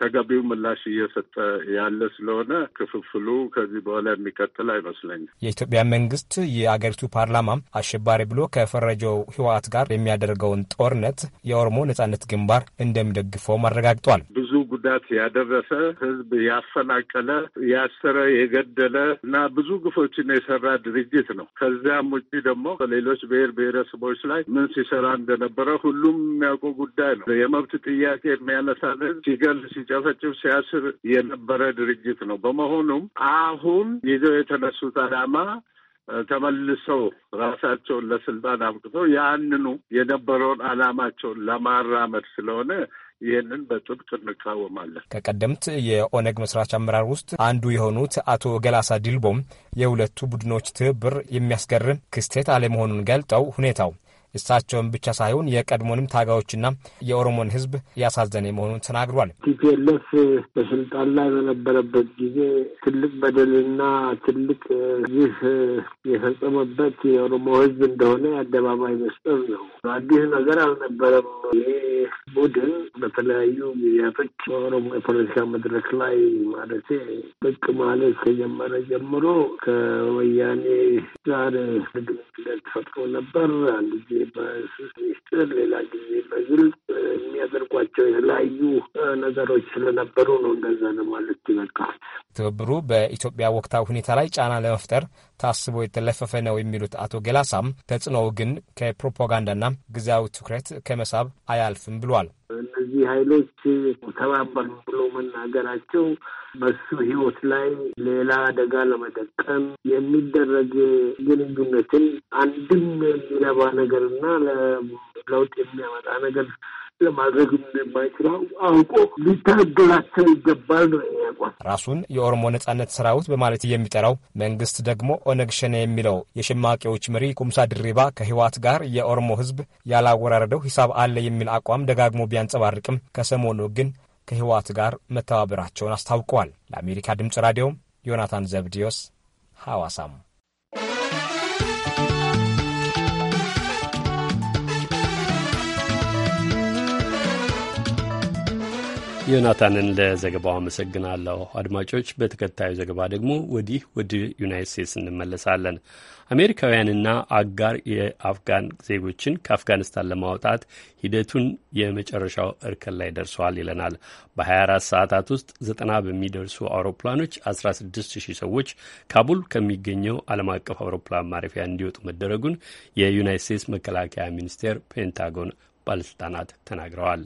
ተገቢው ምላሽ እየሰጠ ያለ ስለሆነ ክፍፍሉ ከዚህ በኋላ የሚቀጥል አይመስለኝም። የኢትዮጵያ መንግስት የአገሪቱ ፓርላማ አሸባሪ ብሎ ከፈረጀው ህወሓት ጋር የሚያደርገውን ጦርነት የኦሮሞ ነጻነት ግንባር እንደሚደግፈውም አረጋግጧል። ብዙ ጉዳት ያደረሰ ህዝብ ያፈናቀለ፣ ያሰረ፣ የገደለ እና ብዙ ግፎችን የሰራ ድርጅት ነው። ከዚያም ውጭ ደግሞ ከሌሎች ብሔር ብሔር ብሔረሰቦች ላይ ምን ሲሰራ እንደነበረ ሁሉም የሚያውቀው ጉዳይ ነው። የመብት ጥያቄ የሚያነሳልን ሲገል፣ ሲጨፈጭፍ፣ ሲያስር የነበረ ድርጅት ነው። በመሆኑም አሁን ይዘው የተነሱት አላማ ተመልሰው ራሳቸውን ለስልጣን አብቅተው ያንኑ የነበረውን አላማቸውን ለማራመድ ስለሆነ ይህንን በጥብቅ እንቃወማለን። ከቀደምት የኦነግ መስራች አመራር ውስጥ አንዱ የሆኑት አቶ ገላሳ ዲልቦም የሁለቱ ቡድኖች ትብብር የሚያስገርም ክስተት አለመሆኑን ገልጠው ሁኔታው እሳቸውን ብቻ ሳይሆን የቀድሞንም ታጋዮችና የኦሮሞን ሕዝብ ያሳዘነ መሆኑን ተናግሯል። ቲፒኤልኤፍ በስልጣን ላይ በነበረበት ጊዜ ትልቅ በደልና ትልቅ ይህ የፈጸመበት የኦሮሞ ሕዝብ እንደሆነ አደባባይ መስጠት ነው። አዲስ ነገር አልነበረም። ይህ ቡድን በተለያዩ ጊዜያቶች በኦሮሞ የፖለቲካ መድረክ ላይ ማለት ብቅ ማለት ከጀመረ ጀምሮ ከወያኔ ጋር ግንኙነት ፈጥሮ ነበር አንድ በሱስ ሚስጥር፣ ሌላ ጊዜ በግልጽ የሚያደርጓቸው የተለያዩ ነገሮች ስለነበሩ ነው እንደዛ ለማለት ይበቃል። ትብብሩ በኢትዮጵያ ወቅታዊ ሁኔታ ላይ ጫና ለመፍጠር ታስቦ የተለፈፈ ነው የሚሉት አቶ ገላሳም ተጽዕኖው ግን ከፕሮፓጋንዳና ጊዜያዊ ትኩረት ከመሳብ አያልፍም ብሏል። እነዚህ ኃይሎች ተባበሉ ብሎ መናገራቸው በሱ ህይወት ላይ ሌላ አደጋ ለመጠቀም የሚደረግ ግንኙነትን አንድም የሚለባ ነገርና ለውጥ የሚያመጣ ነገር ለማድረግ የማይችለው አውቆ ሊታገላቸው ይገባል ነው ያቋል። ራሱን የኦሮሞ ነጻነት ሰራዊት በማለት የሚጠራው መንግስት ደግሞ ኦነግ ሸኔ የሚለው የሸማቂዎች መሪ ኩምሳ ድሪባ ከህወሓት ጋር የኦሮሞ ህዝብ ያላወራረደው ሂሳብ አለ የሚል አቋም ደጋግሞ ቢያንጸባርቅም ከሰሞኑ ግን ከህወሓት ጋር መተባበራቸውን አስታውቀዋል። ለአሜሪካ ድምፅ ራዲዮ ዮናታን ዘብዲዮስ ሐዋሳም ዮናታንን ለዘገባው አመሰግናለሁ። አድማጮች፣ በተከታዩ ዘገባ ደግሞ ወዲህ ወደ ዩናይት ስቴትስ እንመለሳለን። አሜሪካውያንና አጋር የአፍጋን ዜጎችን ከአፍጋኒስታን ለማውጣት ሂደቱን የመጨረሻው እርከን ላይ ደርሰዋል ይለናል። በ24 ሰዓታት ውስጥ ዘጠና በሚደርሱ አውሮፕላኖች 16000 ሰዎች ካቡል ከሚገኘው ዓለም አቀፍ አውሮፕላን ማረፊያ እንዲወጡ መደረጉን የዩናይት ስቴትስ መከላከያ ሚኒስቴር ፔንታጎን ባለሥልጣናት ተናግረዋል።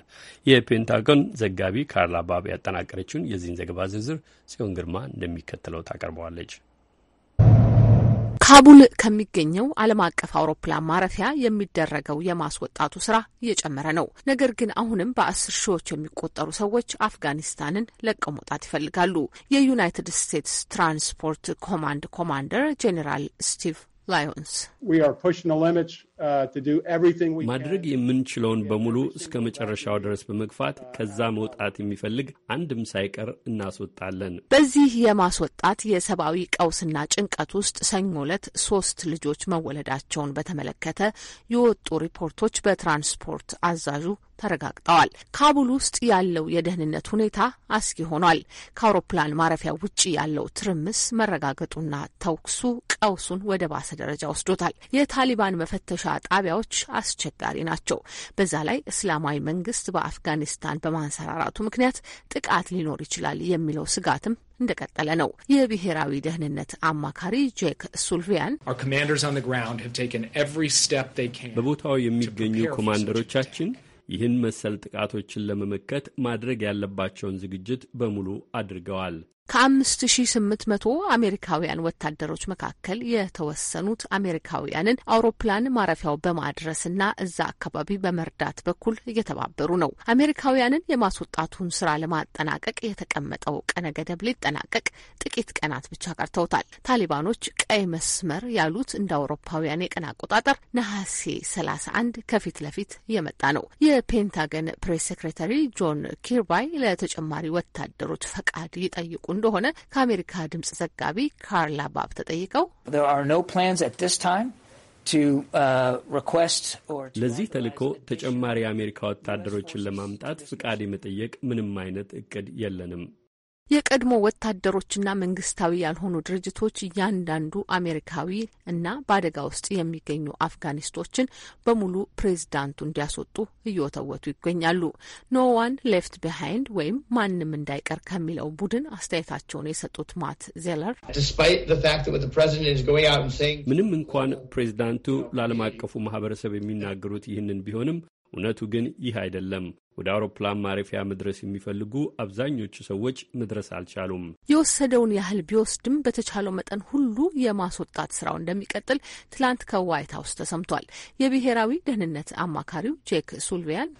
የፔንታጎን ዘጋቢ ካርላ ባብ ያጠናቀረችውን የዚህን ዘገባ ዝርዝር ጽዮን ግርማ እንደሚከተለው ታቀርበዋለች። ካቡል ከሚገኘው ዓለም አቀፍ አውሮፕላን ማረፊያ የሚደረገው የማስወጣቱ ስራ እየጨመረ ነው። ነገር ግን አሁንም በአስር ሺዎች የሚቆጠሩ ሰዎች አፍጋኒስታንን ለቀው መውጣት ይፈልጋሉ። የዩናይትድ ስቴትስ ትራንስፖርት ኮማንድ ኮማንደር ጄኔራል ስቲቭ ላዮንስ uh, ማድረግ የምንችለውን በሙሉ እስከ መጨረሻው ድረስ በመግፋት uh, ከዛ መውጣት የሚፈልግ አንድም ሳይቀር እናስወጣለን። በዚህ የማስወጣት የሰብአዊ ቀውስና ጭንቀት ውስጥ ሰኞ ዕለት ሶስት ልጆች መወለዳቸውን በተመለከተ የወጡ ሪፖርቶች በትራንስፖርት አዛዡ ተረጋግጠዋል። ካቡል ውስጥ ያለው የደህንነት ሁኔታ አስጊ ሆኗል። ከአውሮፕላን ማረፊያ ውጪ ያለው ትርምስ መረጋገጡና ተኩሱ ቀውሱን ወደ ባሰ ደረጃ ወስዶታል። የታሊባን መፈተሻ ጣቢያዎች አስቸጋሪ ናቸው። በዛ ላይ እስላማዊ መንግስት በአፍጋኒስታን በማንሰራራቱ ምክንያት ጥቃት ሊኖር ይችላል የሚለው ስጋትም እንደቀጠለ ነው። የብሔራዊ ደህንነት አማካሪ ጄክ ሱልቪያን በቦታው የሚገኙ ኮማንደሮቻችን ይህን መሰል ጥቃቶችን ለመመከት ማድረግ ያለባቸውን ዝግጅት በሙሉ አድርገዋል። ከአምስት ሺ ስምንት መቶ አሜሪካውያን ወታደሮች መካከል የተወሰኑት አሜሪካውያንን አውሮፕላን ማረፊያው በማድረስና እዛ አካባቢ በመርዳት በኩል እየተባበሩ ነው። አሜሪካውያንን የማስወጣቱን ስራ ለማጠናቀቅ የተቀመጠው ቀነ ገደብ ሊጠናቀቅ ጥቂት ቀናት ብቻ ቀርተውታል። ታሊባኖች ቀይ መስመር ያሉት እንደ አውሮፓውያን የቀን አቆጣጠር ነሐሴ አንድ ከፊት ለፊት የመጣ ነው። የፔንታገን ፕሬስ ሴክሬታሪ ጆን ኪርባይ ለተጨማሪ ወታደሮች ፈቃድ ይጠይቁ እንደሆነ ከአሜሪካ ድምጽ ዘጋቢ ካርላ ባብ ተጠይቀው uh, ለዚህ ተልእኮ ተጨማሪ የአሜሪካ ወታደሮችን ለማምጣት ፍቃድ የመጠየቅ ምንም አይነት እቅድ የለንም። የቀድሞ ወታደሮችና መንግስታዊ ያልሆኑ ድርጅቶች እያንዳንዱ አሜሪካዊ እና በአደጋ ውስጥ የሚገኙ አፍጋኒስቶችን በሙሉ ፕሬዝዳንቱ እንዲያስወጡ እየወተወቱ ይገኛሉ። ኖዋን ሌፍት ቢሃይንድ ወይም ማንም እንዳይቀር ከሚለው ቡድን አስተያየታቸውን የሰጡት ማት ዜለር ምንም እንኳን ፕሬዚዳንቱ ለዓለም አቀፉ ማህበረሰብ የሚናገሩት ይህንን ቢሆንም እውነቱ ግን ይህ አይደለም። ወደ አውሮፕላን ማረፊያ መድረስ የሚፈልጉ አብዛኞቹ ሰዎች መድረስ አልቻሉም። የወሰደውን ያህል ቢወስድም በተቻለው መጠን ሁሉ የማስወጣት ስራው እንደሚቀጥል ትላንት ከዋይት ሀውስ ተሰምቷል። የብሔራዊ ደህንነት አማካሪው ጄክ ሱልቪያን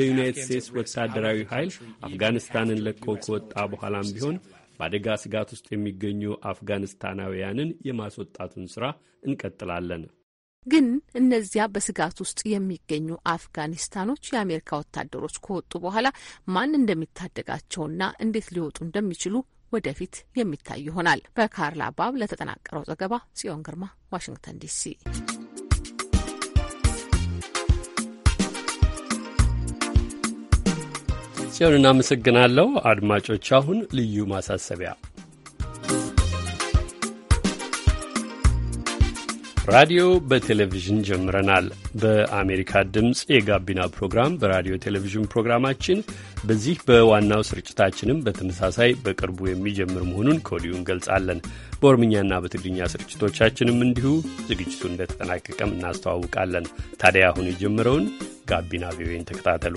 የዩናይትድ ስቴትስ ወታደራዊ ኃይል አፍጋኒስታንን ለቆ ከወጣ በኋላም ቢሆን በአደጋ ስጋት ውስጥ የሚገኙ አፍጋኒስታናውያንን የማስወጣቱን ስራ እንቀጥላለን። ግን እነዚያ በስጋት ውስጥ የሚገኙ አፍጋኒስታኖች የአሜሪካ ወታደሮች ከወጡ በኋላ ማን እንደሚታደጋቸውና እንዴት ሊወጡ እንደሚችሉ ወደፊት የሚታይ ይሆናል። በካርላ ባብ ለተጠናቀረው ዘገባ ጽዮን ግርማ፣ ዋሽንግተን ዲሲ። ጽዮን እናመሰግናለሁ። አድማጮች አሁን ልዩ ማሳሰቢያ ራዲዮ በቴሌቪዥን ጀምረናል። በአሜሪካ ድምፅ የጋቢና ፕሮግራም በራዲዮ ቴሌቪዥን ፕሮግራማችን በዚህ በዋናው ስርጭታችንም በተመሳሳይ በቅርቡ የሚጀምር መሆኑን ከወዲሁ እንገልጻለን። በኦሮምኛና በትግርኛ ስርጭቶቻችንም እንዲሁ ዝግጅቱ እንደተጠናቀቀም እናስተዋውቃለን። ታዲያ አሁን የጀመረውን ጋቢና ቪኦኤን ተከታተሉ።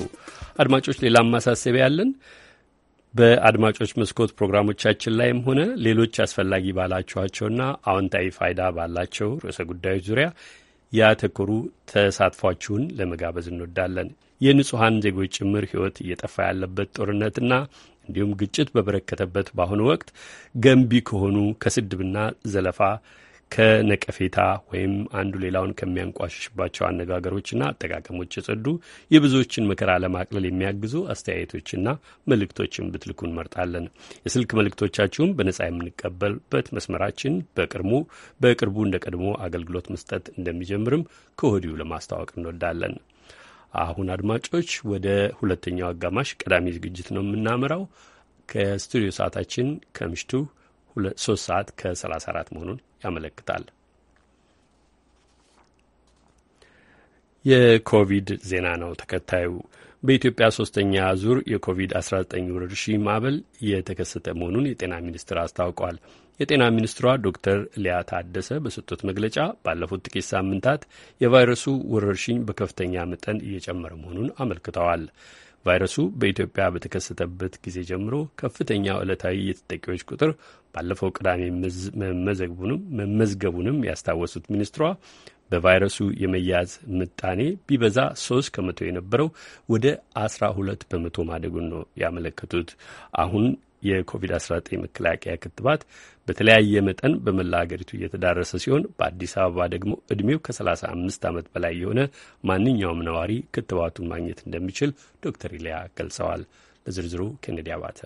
አድማጮች፣ ሌላ ማሳሰቢያ ያለን በአድማጮች መስኮት ፕሮግራሞቻችን ላይም ሆነ ሌሎች አስፈላጊ ባላችኋቸውና አዎንታዊ ፋይዳ ባላቸው ርዕሰ ጉዳዮች ዙሪያ ያተኮሩ ተሳትፏችሁን ለመጋበዝ እንወዳለን። የንጹሐን ዜጎች ጭምር ሕይወት እየጠፋ ያለበት ጦርነትና እንዲሁም ግጭት በበረከተበት በአሁኑ ወቅት ገንቢ ከሆኑ ከስድብና ዘለፋ ከነቀፌታ ወይም አንዱ ሌላውን ከሚያንቋሽሽባቸው አነጋገሮችና አጠቃቀሞች የጸዱ የብዙዎችን መከራ ለማቅለል የሚያግዙ አስተያየቶችና መልእክቶችን ብትልኩ እንመርጣለን። የስልክ መልእክቶቻችሁን በነጻ የምንቀበልበት መስመራችን በቅርሙ በቅርቡ እንደ ቀድሞ አገልግሎት መስጠት እንደሚጀምርም ከወዲሁ ለማስታወቅ እንወዳለን። አሁን አድማጮች፣ ወደ ሁለተኛው አጋማሽ ቀዳሚ ዝግጅት ነው የምናመራው። ከስቱዲዮ ሰዓታችን ከምሽቱ ሶስት ሰዓት ከ34 መሆኑን ያመለክታል። የኮቪድ ዜና ነው ተከታዩ። በኢትዮጵያ ሶስተኛ ዙር የኮቪድ-19 ወረርሽኝ ማዕበል የተከሰተ መሆኑን የጤና ሚኒስቴር አስታውቋል። የጤና ሚኒስትሯ ዶክተር ሊያ ታደሰ በሰጡት መግለጫ ባለፉት ጥቂት ሳምንታት የቫይረሱ ወረርሽኝ በከፍተኛ መጠን እየጨመረ መሆኑን አመልክተዋል። ቫይረሱ በኢትዮጵያ በተከሰተበት ጊዜ ጀምሮ ከፍተኛው ዕለታዊ የተጠቂዎች ቁጥር ባለፈው ቅዳሜ መመዘግቡንም መመዝገቡንም ያስታወሱት ሚኒስትሯ በቫይረሱ የመያዝ ምጣኔ ቢበዛ ሶስት ከመቶ የነበረው ወደ አስራ ሁለት በመቶ ማደጉን ነው ያመለከቱት። አሁን የኮቪድ-19 መከላከያ ክትባት በተለያየ መጠን በመላ ሀገሪቱ እየተዳረሰ ሲሆን በአዲስ አበባ ደግሞ እድሜው ከ35 ዓመት በላይ የሆነ ማንኛውም ነዋሪ ክትባቱን ማግኘት እንደሚችል ዶክተር ኢሊያ ገልጸዋል። ለዝርዝሩ ኬኔዲ አባተ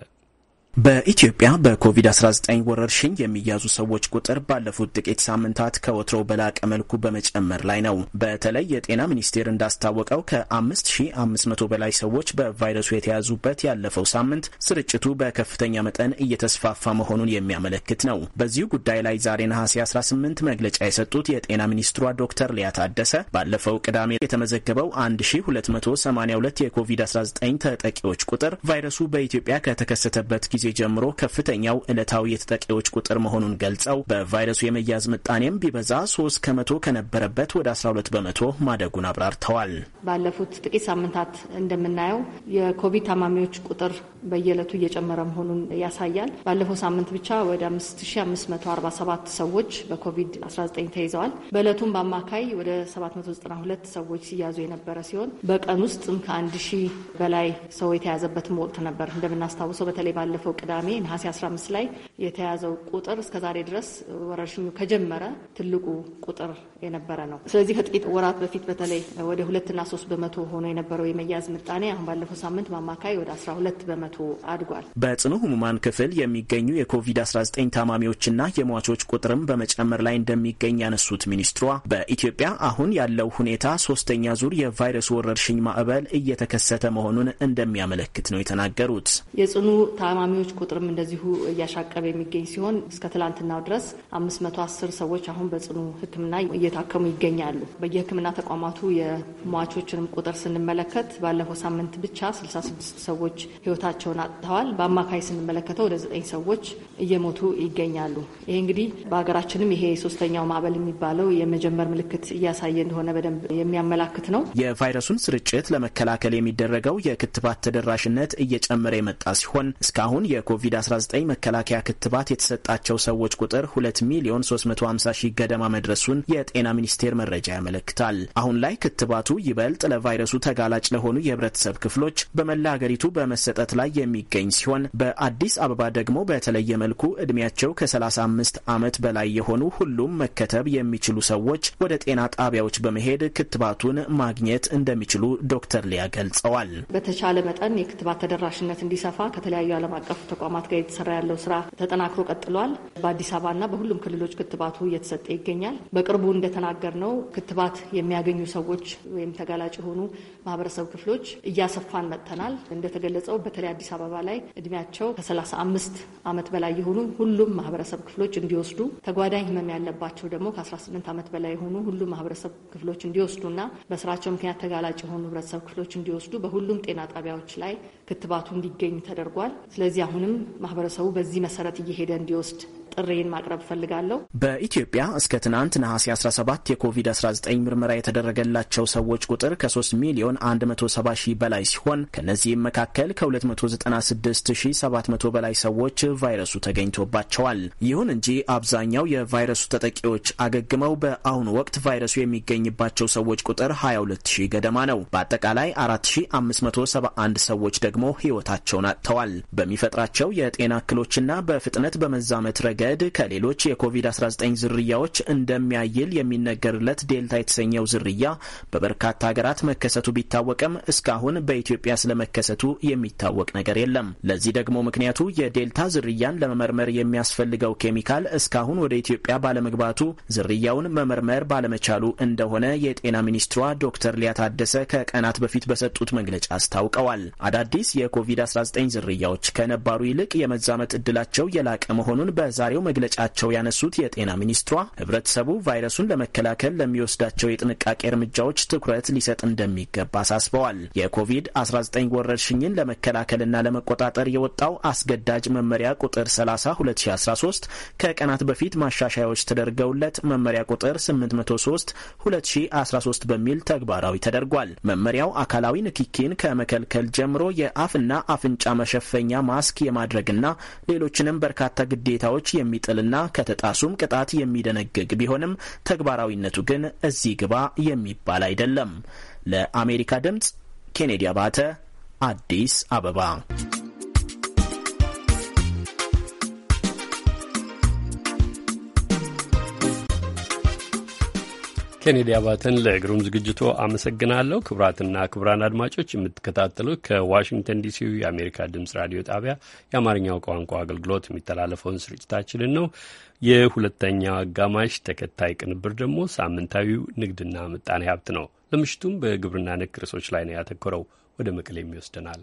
በኢትዮጵያ በኮቪድ-19 ወረርሽኝ የሚያዙ ሰዎች ቁጥር ባለፉት ጥቂት ሳምንታት ከወትሮው በላቀ መልኩ በመጨመር ላይ ነው። በተለይ የጤና ሚኒስቴር እንዳስታወቀው ከ5500 በላይ ሰዎች በቫይረሱ የተያዙበት ያለፈው ሳምንት ስርጭቱ በከፍተኛ መጠን እየተስፋፋ መሆኑን የሚያመለክት ነው። በዚሁ ጉዳይ ላይ ዛሬ ነሐሴ 18 መግለጫ የሰጡት የጤና ሚኒስትሯ ዶክተር ሊያ ታደሰ ባለፈው ቅዳሜ የተመዘገበው 1282 የኮቪድ-19 ተጠቂዎች ቁጥር ቫይረሱ በኢትዮጵያ ከተከሰተበት ጊዜ ጊዜ ጀምሮ ከፍተኛው ዕለታዊ የተጠቂዎች ቁጥር መሆኑን ገልጸው በቫይረሱ የመያዝ ምጣኔም ቢበዛ ሶስት ከመቶ ከነበረበት ወደ 12 በመቶ ማደጉን አብራርተዋል። ባለፉት ጥቂት ሳምንታት እንደምናየው የኮቪድ ታማሚዎች ቁጥር በየዕለቱ እየጨመረ መሆኑን ያሳያል። ባለፈው ሳምንት ብቻ ወደ 5547 ሰዎች በኮቪድ-19 ተይዘዋል። በዕለቱም በአማካይ ወደ 792 ሰዎች ሲያዙ የነበረ ሲሆን በቀን ውስጥም ከ1 በላይ ሰው የተያዘበትም ወቅት ነበር። እንደምናስታውሰው በተለይ ባለፈው ባለፈው ቅዳሜ ነሐሴ 15 ላይ የተያዘው ቁጥር እስከ ዛሬ ድረስ ወረርሽኙ ከጀመረ ትልቁ ቁጥር የነበረ ነው። ስለዚህ ከጥቂት ወራት በፊት በተለይ ወደ ሁለትና ሶስት በመቶ ሆኖ የነበረው የመያዝ ምጣኔ አሁን ባለፈው ሳምንት በአማካይ ወደ 12 በመቶ አድጓል። በጽኑ ህሙማን ክፍል የሚገኙ የኮቪድ-19 ታማሚዎችና የሟቾች ቁጥርም በመጨመር ላይ እንደሚገኝ ያነሱት ሚኒስትሯ በኢትዮጵያ አሁን ያለው ሁኔታ ሶስተኛ ዙር የቫይረስ ወረርሽኝ ማዕበል እየተከሰተ መሆኑን እንደሚያመለክት ነው የተናገሩት። የጽኑ ታማሚ ተማሪዎች ቁጥርም እንደዚሁ እያሻቀበ የሚገኝ ሲሆን እስከ ትላንትናው ድረስ አስር ሰዎች አሁን በጽኑ ሕክምና እየታከሙ ይገኛሉ። በየሕክምና ተቋማቱ የሟቾችንም ቁጥር ስንመለከት ባለፈው ሳምንት ብቻ 66 ሰዎች ሕይወታቸውን አጥተዋል። በአማካይ ስንመለከተው ወደ ዘጠኝ ሰዎች እየሞቱ ይገኛሉ። ይህ እንግዲህ በሀገራችንም ይሄ ሶስተኛው ማዕበል የሚባለው የመጀመር ምልክት እያሳየ እንደሆነ በደንብ የሚያመላክት ነው። የቫይረሱን ስርጭት ለመከላከል የሚደረገው የክትባት ተደራሽነት እየጨመረ የመጣ ሲሆን እስካሁን የኮቪድ-19 መከላከያ ክትባት የተሰጣቸው ሰዎች ቁጥር 2 ሚሊዮን 350 ሺህ ገደማ መድረሱን የጤና ሚኒስቴር መረጃ ያመለክታል። አሁን ላይ ክትባቱ ይበልጥ ለቫይረሱ ተጋላጭ ለሆኑ የህብረተሰብ ክፍሎች በመላ አገሪቱ በመሰጠት ላይ የሚገኝ ሲሆን በአዲስ አበባ ደግሞ በተለየ መልኩ ዕድሜያቸው ከ35 ዓመት በላይ የሆኑ ሁሉም መከተብ የሚችሉ ሰዎች ወደ ጤና ጣቢያዎች በመሄድ ክትባቱን ማግኘት እንደሚችሉ ዶክተር ሊያ ገልጸዋል። በተቻለ መጠን የክትባት ተደራሽነት እንዲሰፋ ከተለያዩ ዓለም አቀፍ ከጤና ተቋማት ጋር የተሰራ ያለው ስራ ተጠናክሮ ቀጥሏል። በአዲስ አበባና በሁሉም ክልሎች ክትባቱ እየተሰጠ ይገኛል። በቅርቡ እንደተናገር ነው ክትባት የሚያገኙ ሰዎች ወይም ተጋላጭ የሆኑ ማህበረሰብ ክፍሎች እያሰፋን መጥተናል። እንደተገለጸው በተለይ አዲስ አበባ ላይ እድሜያቸው ከ35 ዓመት በላይ የሆኑ ሁሉም ማህበረሰብ ክፍሎች እንዲወስዱ፣ ተጓዳኝ ህመም ያለባቸው ደግሞ ከ18 ዓመት በላይ የሆኑ ሁሉም ማህበረሰብ ክፍሎች እንዲወስዱና በስራቸው ምክንያት ተጋላጭ የሆኑ ህብረተሰብ ክፍሎች እንዲወስዱ በሁሉም ጤና ጣቢያዎች ላይ ክትባቱ እንዲገኝ ተደርጓል። ስለዚህ አሁንም ማህበረሰቡ በዚህ መሰረት እየሄደ እንዲወስድ ጥሬን ማቅረብ እፈልጋለሁ። በኢትዮጵያ እስከ ትናንት ነሐሴ 17 የኮቪድ-19 ምርመራ የተደረገላቸው ሰዎች ቁጥር ከ3 ሚሊዮን 170 ሺህ በላይ ሲሆን ከእነዚህም መካከል ከ296700 በላይ ሰዎች ቫይረሱ ተገኝቶባቸዋል። ይሁን እንጂ አብዛኛው የቫይረሱ ተጠቂዎች አገግመው በአሁኑ ወቅት ቫይረሱ የሚገኝባቸው ሰዎች ቁጥር 22 ሺህ ገደማ ነው። በአጠቃላይ 4571 ሰዎች ደግሞ ሕይወታቸውን አጥተዋል። በሚፈጥራ በሚፈጥራቸው የጤና እክሎችና በፍጥነት በመዛመት ረገድ ከሌሎች የኮቪድ-19 ዝርያዎች እንደሚያይል የሚነገርለት ዴልታ የተሰኘው ዝርያ በበርካታ ሀገራት መከሰቱ ቢታወቅም እስካሁን በኢትዮጵያ ስለመከሰቱ የሚታወቅ ነገር የለም። ለዚህ ደግሞ ምክንያቱ የዴልታ ዝርያን ለመመርመር የሚያስፈልገው ኬሚካል እስካሁን ወደ ኢትዮጵያ ባለመግባቱ ዝርያውን መመርመር ባለመቻሉ እንደሆነ የጤና ሚኒስትሯ ዶክተር ሊያ ታደሰ ከቀናት በፊት በሰጡት መግለጫ አስታውቀዋል። አዳዲስ የኮቪድ-19 ዝርያዎች ከነ ከነባሩ ይልቅ የመዛመት እድላቸው የላቀ መሆኑን በዛሬው መግለጫቸው ያነሱት የጤና ሚኒስትሯ ህብረተሰቡ ቫይረሱን ለመከላከል ለሚወስዳቸው የጥንቃቄ እርምጃዎች ትኩረት ሊሰጥ እንደሚገባ አሳስበዋል። የኮቪድ-19 ወረርሽኝን ለመከላከልና ለመቆጣጠር የወጣው አስገዳጅ መመሪያ ቁጥር 30/2013 ከቀናት በፊት ማሻሻያዎች ተደርገውለት መመሪያ ቁጥር 803/2013 በሚል ተግባራዊ ተደርጓል። መመሪያው አካላዊ ንክኪን ከመከልከል ጀምሮ የአፍና አፍንጫ መሸፈኛ ማስክ እስኪ የማድረግና ሌሎችንም በርካታ ግዴታዎች የሚጥልና ከተጣሱም ቅጣት የሚደነግግ ቢሆንም ተግባራዊነቱ ግን እዚህ ግባ የሚባል አይደለም። ለአሜሪካ ድምጽ ኬኔዲ አባተ አዲስ አበባ ኬኔዲ አባተን ለእግሩም ዝግጅቱ አመሰግናለሁ። ክቡራትና ክቡራን አድማጮች የምትከታተሉት ከዋሽንግተን ዲሲ የአሜሪካ ድምፅ ራዲዮ ጣቢያ የአማርኛው ቋንቋ አገልግሎት የሚተላለፈውን ስርጭታችንን ነው። የሁለተኛው አጋማሽ ተከታይ ቅንብር ደግሞ ሳምንታዊው ንግድና ምጣኔ ሀብት ነው። ለምሽቱም በግብርና ነክ ርዕሶች ላይ ነው ያተኮረው። ወደ መቀሌም ይወስደናል።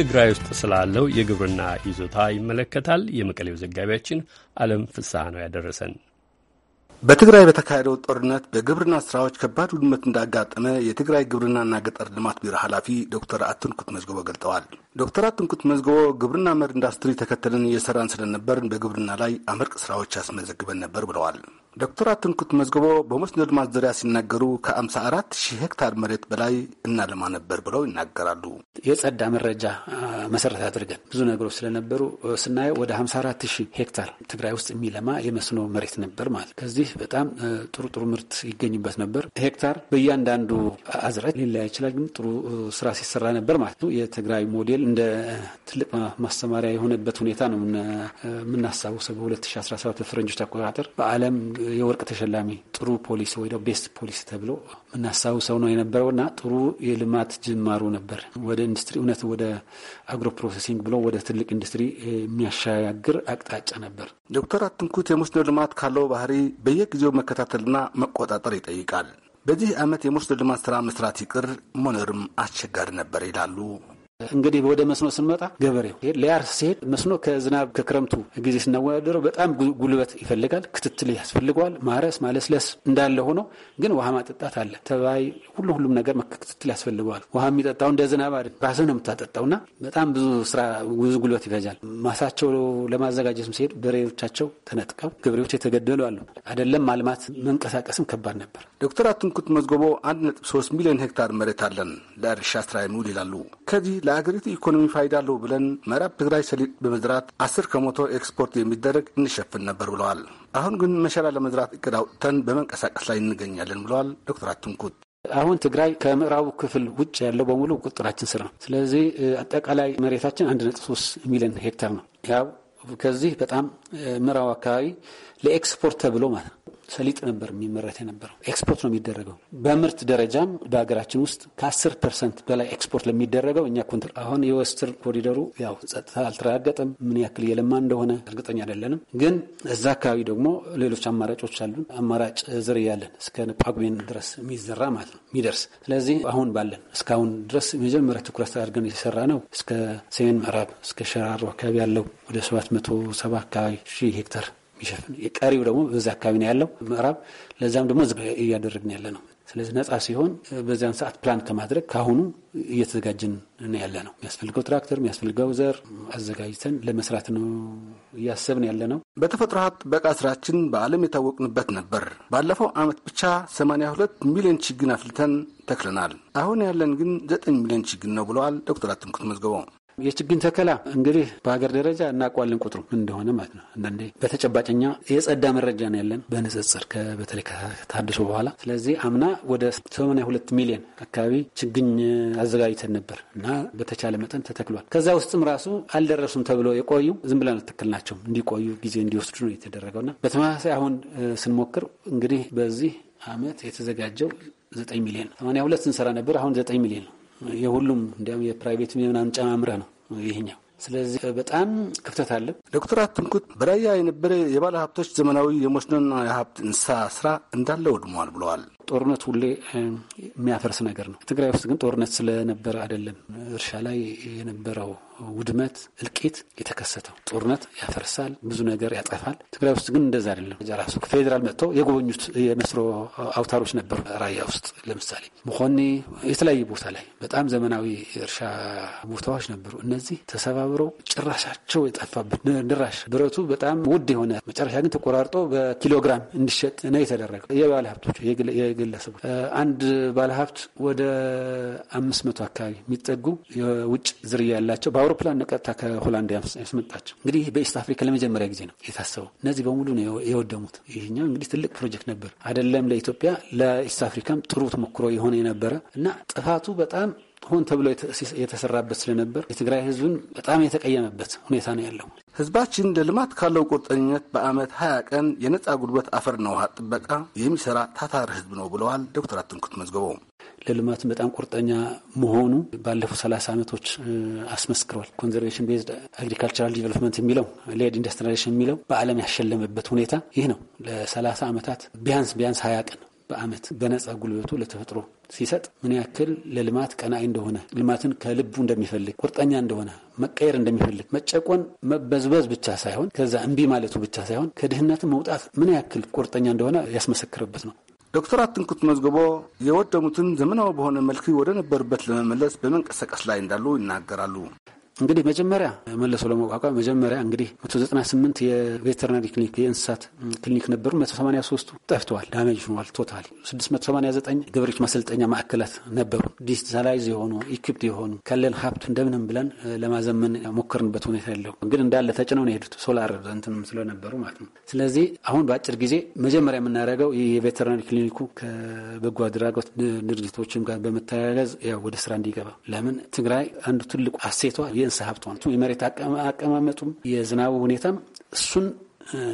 ትግራይ ውስጥ ስላለው የግብርና ይዞታ ይመለከታል። የመቀሌው ዘጋቢያችን አለም ፍስሐ ነው ያደረሰን። በትግራይ በተካሄደው ጦርነት በግብርና ስራዎች ከባድ ውድመት እንዳጋጠመ የትግራይ ግብርናና ገጠር ልማት ቢሮ ኃላፊ ዶክተር አትንኩት መዝግቦ ገልጠዋል። ዶክተር አትንኩት መዝግቦ ግብርና መር ኢንዳስትሪ ተከተልን እየሰራን ስለነበርን በግብርና ላይ አመርቅ ስራዎች ያስመዘግበን ነበር ብለዋል። ዶክተር አትንኩት መዝግቦ በመስኖ ልማት ዙሪያ ሲናገሩ ከ54 ሺህ ሄክታር መሬት በላይ እናለማ ነበር ብለው ይናገራሉ። የጸዳ መረጃ መሰረት አድርገን ብዙ ነገሮች ስለነበሩ ስናየው ወደ 54 ሺህ ሄክታር ትግራይ ውስጥ የሚለማ የመስኖ መሬት ነበር ማለት ከዚህ በጣም ጥሩ ጥሩ ምርት ይገኝበት ነበር። ሄክታር በእያንዳንዱ አዝረት ሊለያ ይችላል፣ ግን ጥሩ ስራ ሲሰራ ነበር ማለት ነው። የትግራይ ሞዴል እንደ ትልቅ ማስተማሪያ የሆነበት ሁኔታ ነው የምናስታውሰው። በ2017 ፈረንጆች አቆጣጠር በዓለም የወርቅ ተሸላሚ ጥሩ ፖሊሲ ወይ ቤስት ፖሊሲ ተብሎ የምናስታውሰው ነው የነበረውና ጥሩ የልማት ጅማሩ ነበር። ወደ ኢንዱስትሪ እውነት ወደ አግሮ ፕሮሴሲንግ ብሎ ወደ ትልቅ ኢንዱስትሪ የሚያሻግር አቅጣጫ ነበር። ዶክተር አትንኩት የመስኖ ልማት ካለው ባህሪ በየጊዜው መከታተልና መቆጣጠር ይጠይቃል። በዚህ ዓመት የመስኖ ልማት ሥራ መስራት ይቅር መኖርም አስቸጋሪ ነበር ይላሉ እንግዲህ ወደ መስኖ ስንመጣ ገበሬው ሊያርስ ሲሄድ መስኖ ከዝናብ ከክረምቱ ጊዜ ስናወዳደረው በጣም ጉልበት ይፈልጋል፣ ክትትል ያስፈልገዋል። ማረስ ማለስለስ እንዳለ ሆኖ ግን ውሃ ማጠጣት አለ፣ ተባይ ሁሉ ሁሉም ነገር ክትትል ያስፈልገዋል። ውሃ የሚጠጣው እንደ ዝናብ አይደል፣ ራስህ ነው የምታጠጣውና በጣም ብዙ ስራ ብዙ ጉልበት ይፈጃል። ማሳቸው ለማዘጋጀት ሲሄድ በሬዎቻቸው ተነጥቀው ገበሬዎች የተገደሉ አሉ። አይደለም ማልማት መንቀሳቀስም ከባድ ነበር። ዶክተር አትንኩት መዝገቦ ሶስት ሚሊዮን ሄክታር መሬት አለን ለእርሻ ስራ የሚውል ይላሉ። ከዚህ ለአገሪቱ ኢኮኖሚ ፋይዳ አለው ብለን ምዕራብ ትግራይ ሰሊጥ በመዝራት አስር ከመቶ ኤክስፖርት የሚደረግ እንሸፍን ነበር ብለዋል። አሁን ግን መሸላ ለመዝራት እቅድ አውጥተን በመንቀሳቀስ ላይ እንገኛለን ብለዋል ዶክተር አትንኩት። አሁን ትግራይ ከምዕራቡ ክፍል ውጭ ያለው በሙሉ ቁጥራችን ስራ ነው። ስለዚህ አጠቃላይ መሬታችን አንድ ነጥብ ሶስት ሚሊዮን ሄክታር ነው። ያው ከዚህ በጣም ምዕራቡ አካባቢ ለኤክስፖርት ተብሎ ማለት ነው ሰሊጥ ነበር የሚመረት የነበረው። ኤክስፖርት ነው የሚደረገው። በምርት ደረጃም በሀገራችን ውስጥ ከአስር ፐርሰንት በላይ ኤክስፖርት ለሚደረገው እኛ ኮንትራ አሁን የወስትር ኮሪደሩ ያው ጸጥታ አልተረጋገጠም። ምን ያክል የለማ እንደሆነ እርግጠኛ አይደለንም። ግን እዛ አካባቢ ደግሞ ሌሎች አማራጮች አሉን። አማራጭ ዝር ያለን እስከ ጳጉሜን ድረስ የሚዘራ ማለት ነው የሚደርስ። ስለዚህ አሁን ባለን እስካሁን ድረስ የመጀመሪያ ትኩረት አድርገን የሰራ ነው እስከ ሰሜን ምዕራብ እስከ ሸራሮ አካባቢ ያለው ወደ ሰባት መቶ ሰባ አካባቢ ሺህ ሄክታር የሚሸፍን የቀሪው ደግሞ በዛ አካባቢ ነው ያለው ምዕራብ። ለዛም ደግሞ እያደረግን ያለ ነው። ስለዚህ ነጻ ሲሆን በዚያን ሰዓት ፕላን ከማድረግ ከአሁኑ እየተዘጋጅን ያለ ነው። የሚያስፈልገው ትራክተር፣ የሚያስፈልገው ዘር አዘጋጅተን ለመስራት ነው እያሰብን ያለ ነው። በተፈጥሮ ሀብት ጥበቃ ስራችን በዓለም የታወቅንበት ነበር። ባለፈው ዓመት ብቻ 82 ሚሊዮን ችግኝ አፍልተን ተክለናል። አሁን ያለን ግን 9 ሚሊዮን ችግኝ ነው ብለዋል ዶክተር አትምኩት መዝገበው። የችግኝ ተከላ እንግዲህ በሀገር ደረጃ እናውቀዋለን ቁጥሩ እንደሆነ ማለት ነው። አንዳንዴ በተጨባጭኛ የጸዳ መረጃ ነው ያለን በንጽጽር በተለይ ከታድሶ በኋላ። ስለዚህ አምና ወደ 82 ሚሊዮን አካባቢ ችግኝ አዘጋጅተን ነበር እና በተቻለ መጠን ተተክሏል። ከዛ ውስጥም ራሱ አልደረሱም ተብሎ የቆዩ ዝም ብለን አልተከልናቸውም እንዲቆዩ ጊዜ እንዲወስዱ ነው የተደረገውና በተመሳሳይ አሁን ስንሞክር እንግዲህ በዚህ አመት የተዘጋጀው ዘጠኝ ሚሊዮን ነው። ሰማንያ ሁለት ስንሰራ ነበር። አሁን ዘጠኝ ሚሊዮን ነው። የሁሉም እንዲያውም የፕራይቬት ምናምን ጨማምረ ነው ይህኛው። ስለዚህ በጣም ክፍተት አለ። ዶክተር አትንኩት በራያ የነበረ የባለ ሀብቶች ዘመናዊ የመስኖና የሀብት እንስሳ ስራ እንዳለ ወድሟል ብለዋል። ጦርነት ሁሌ የሚያፈርስ ነገር ነው። ትግራይ ውስጥ ግን ጦርነት ስለነበረ አይደለም እርሻ ላይ የነበረው ውድመት፣ እልቂት የተከሰተው ጦርነት ያፈርሳል፣ ብዙ ነገር ያጠፋል። ትግራይ ውስጥ ግን እንደዛ አይደለም። ራሱ ፌዴራል መጥተው የጎበኙት የመስሮ አውታሮች ነበሩ። ራያ ውስጥ ለምሳሌ መኾኒ፣ የተለያዩ ቦታ ላይ በጣም ዘመናዊ እርሻ ቦታዎች ነበሩ። እነዚህ ተሰባብረው ጭራሻቸው የጠፋበት ድራሽ ብረቱ በጣም ውድ የሆነ መጨረሻ ግን ተቆራርጦ በኪሎግራም እንዲሸጥ ነው የተደረገ የባለ ሀብቶች የግለሰቦች አንድ ባለሀብት ወደ አምስት መቶ አካባቢ የሚጠጉ የውጭ ዝርያ ያላቸው በአውሮፕላን ቀጥታ ከሆላንድ ያስመጣቸው እንግዲህ በኢስት አፍሪካ ለመጀመሪያ ጊዜ ነው የታሰበው። እነዚህ በሙሉ ነው የወደሙት። ይህኛው እንግዲህ ትልቅ ፕሮጀክት ነበር አይደለም ለኢትዮጵያ ለኢስት አፍሪካም ጥሩ ተሞክሮ የሆነ የነበረ እና ጥፋቱ በጣም ሆን ተብሎ የተሰራበት ስለነበር የትግራይ ህዝብን በጣም የተቀየመበት ሁኔታ ነው ያለው። ህዝባችን ለልማት ካለው ቁርጠኝነት በአመት ሀያ ቀን የነጻ ጉልበት አፈርና ውሃ ጥበቃ የሚሰራ ታታር ህዝብ ነው ብለዋል ዶክተር አትንኩት መዝገበው። ለልማት በጣም ቁርጠኛ መሆኑ ባለፉት ሰላሳ ዓመቶች አስመስክሯል። ኮንዘርቬሽን ቤዝድ አግሪካልቸራል ዲቨሎፕመንት የሚለው ሌድ ኢንዱስትሪላይዜሽን የሚለው በዓለም ያሸለመበት ሁኔታ ይህ ነው። ለሰላሳ ዓመታት ቢያንስ ቢያንስ ሀያ ቀን በአመት በነጻ ጉልበቱ ለተፈጥሮ ሲሰጥ ምን ያክል ለልማት ቀናይ እንደሆነ ልማትን ከልቡ እንደሚፈልግ ቁርጠኛ እንደሆነ መቀየር እንደሚፈልግ መጨቆን መበዝበዝ ብቻ ሳይሆን ከዛ እምቢ ማለቱ ብቻ ሳይሆን ከድህነት መውጣት ምን ያክል ቁርጠኛ እንደሆነ ያስመሰክርበት ነው። ዶክተር አትንኩት መዝግቦ የወደሙትን ዘመናዊ በሆነ መልክ ወደ ነበሩበት ለመመለስ በመንቀሳቀስ ላይ እንዳሉ ይናገራሉ። እንግዲህ መጀመሪያ መለሶ ለመቋቋም መጀመሪያ እንግዲህ መቶ ዘጠና ስምንት የቬተርናሪ ክሊኒክ የእንስሳት ክሊኒክ ነበሩ። መቶ ሰማኒያ ሶስቱ ጠፍተዋል፣ ዳሜጅ ሆኗል። ቶታል ስድስት መቶ ሰማኒያ ዘጠኝ ገበሬዎች ማሰልጠኛ ማዕከላት ነበሩ። ዲጂታላይዝ የሆኑ ኢኪፕድ የሆኑ ከለን ሀብት እንደምንም ብለን ለማዘመን ሞከርንበት ሁኔታ ያለው ግን እንዳለ ተጭነው ነው የሄዱት ሶላር እንትንም ስለነበሩ ማለት ነው። ስለዚህ አሁን በአጭር ጊዜ መጀመሪያ የምናደርገው የቬተርናሪ ክሊኒኩ ከበጎ አድራጎት ድርጅቶችም ጋር በመተያያዝ ያው ወደ ስራ እንዲገባ ለምን ትግራይ አንዱ ትልቁ አሴቷ የእንስሳ ሀብቷ የመሬት አቀማመጡም የዝናቡ ሁኔታም እሱን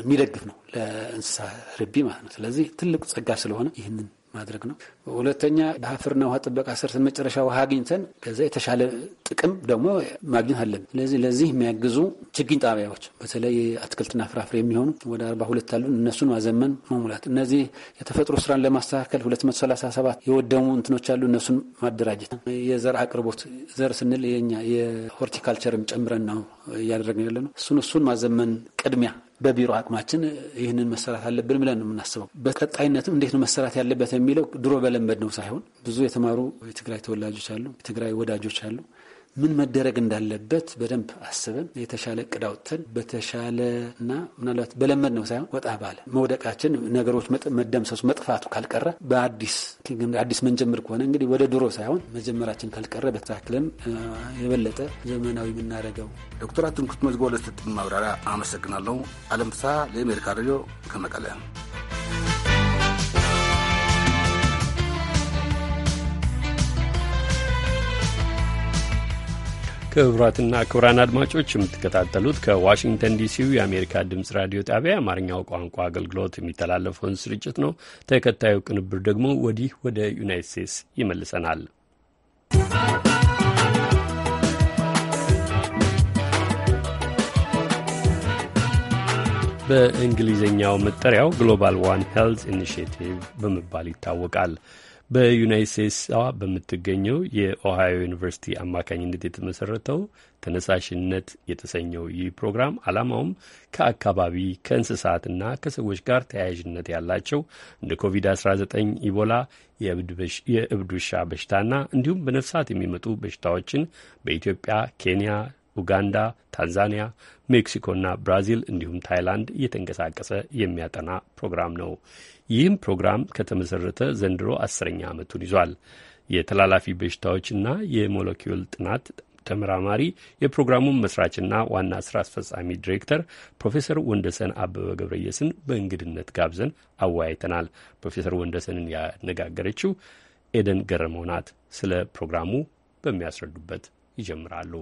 የሚደግፍ ነው ለእንስሳ ርቢ ማለት ነው። ስለዚህ ትልቅ ጸጋ ስለሆነ ይህንን ማድረግ ነው። ሁለተኛ በአፈርና ውሃ ጥበቃ ስርትን መጨረሻ ውሃ አግኝተን ከዛ የተሻለ ጥቅም ደግሞ ማግኘት አለን። ስለዚህ ለዚህ የሚያግዙ ችግኝ ጣቢያዎች በተለይ አትክልትና ፍራፍሬ የሚሆኑ ወደ አርባ ሁለት አሉ። እነሱን ማዘመን መሙላት፣ እነዚህ የተፈጥሮ ስራን ለማስተካከል ሁለት መቶ ሰላሳ ሰባት የወደሙ እንትኖች አሉ። እነሱን ማደራጀት፣ የዘር አቅርቦት ዘር ስንል የኛ የሆርቲካልቸርም ጨምረን ነው እያደረግን ያለ ነው። እሱን እሱን ማዘመን ቅድሚያ በቢሮ አቅማችን ይህንን መሰራት አለብን ብለን ነው የምናስበው። በቀጣይነትም እንዴት ነው መሰራት ያለበት የሚለው ድሮ በለመድ ነው ሳይሆን ብዙ የተማሩ የትግራይ ተወላጆች አሉ፣ የትግራይ ወዳጆች አሉ። ምን መደረግ እንዳለበት በደንብ አስበን የተሻለ እቅድ አውጥተን ና ምናልባት በለመድ ነው ሳይሆን ወጣ ባለ መውደቃችን ነገሮች መደምሰሱ መጥፋቱ ካልቀረ በአዲስ አዲስ መንጀምር ከሆነ እንግዲህ ወደ ድሮ ሳይሆን መጀመራችን ካልቀረ በተካክለን የበለጠ ዘመናዊ የምናደርገው። ዶክተር አትንኩት መዝጎ ለሰጡን ማብራሪያ አመሰግናለሁ። አለም ለአሜሪካ ሬዲዮ ከመቀለ ክቡራትና ክቡራን አድማጮች የምትከታተሉት ከዋሽንግተን ዲሲው የአሜሪካ ድምፅ ራዲዮ ጣቢያ የአማርኛው ቋንቋ አገልግሎት የሚተላለፈውን ስርጭት ነው። ተከታዩ ቅንብር ደግሞ ወዲህ ወደ ዩናይት ስቴትስ ይመልሰናል። በእንግሊዝኛው መጠሪያው ግሎባል ዋን ሄልት ኢኒሽቲቭ በመባል ይታወቃል። በዩናይት ስቴትስዋ በምትገኘው የኦሃዮ ዩኒቨርሲቲ አማካኝነት የተመሰረተው ተነሳሽነት የተሰኘው ይህ ፕሮግራም ዓላማውም ከአካባቢ ከእንስሳትና ከሰዎች ጋር ተያያዥነት ያላቸው እንደ ኮቪድ-19፣ ኢቦላ፣ የእብድ ውሻ በሽታና እንዲሁም በነፍሳት የሚመጡ በሽታዎችን በኢትዮጵያ፣ ኬንያ፣ ኡጋንዳ፣ ታንዛኒያ፣ ሜክሲኮና ብራዚል እንዲሁም ታይላንድ እየተንቀሳቀሰ የሚያጠና ፕሮግራም ነው። ይህም ፕሮግራም ከተመሠረተ ዘንድሮ አስረኛ ዓመቱን ይዟል። የተላላፊ በሽታዎችና የሞለኪውል ጥናት ተመራማሪ የፕሮግራሙን መስራችና ዋና ስራ አስፈጻሚ ዲሬክተር ፕሮፌሰር ወንደሰን አበበ ገብረየስን በእንግድነት ጋብዘን አወያይተናል። ፕሮፌሰር ወንደሰንን ያነጋገረችው ኤደን ገረመው ናት። ስለ ፕሮግራሙ በሚያስረዱበት ይጀምራሉ።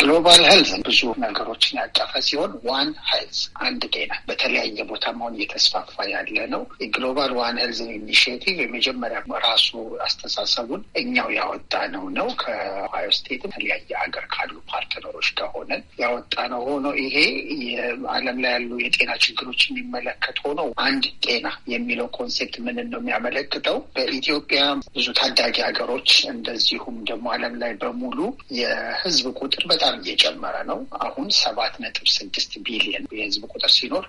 ግሎባል ሄልዝ ብዙ ነገሮችን ያቀፈ ሲሆን ዋን ሄልዝ አንድ ጤና በተለያየ ቦታ መሆን እየተስፋፋ ያለ ነው። የግሎባል ዋን ሄልዝ ኢኒሽቲቭ የመጀመሪያ ራሱ አስተሳሰቡን እኛው ያወጣ ነው ነው ከኦሃዮ ስቴት የተለያየ ሀገር ካሉ ፓርትነሮች ከሆነ ያወጣ ነው ሆኖ ይሄ የዓለም ላይ ያሉ የጤና ችግሮች የሚመለከት ሆኖ አንድ ጤና የሚለው ኮንሴፕት ምንን ነው የሚያመለክተው? በኢትዮጵያ ብዙ ታዳጊ ሀገሮች እንደዚሁም ደግሞ ዓለም ላይ በሙሉ የህዝብ ቁጥር በጣም እየጨመረ ነው። አሁን ሰባት ነጥብ ስድስት ቢሊየን የህዝብ ቁጥር ሲኖር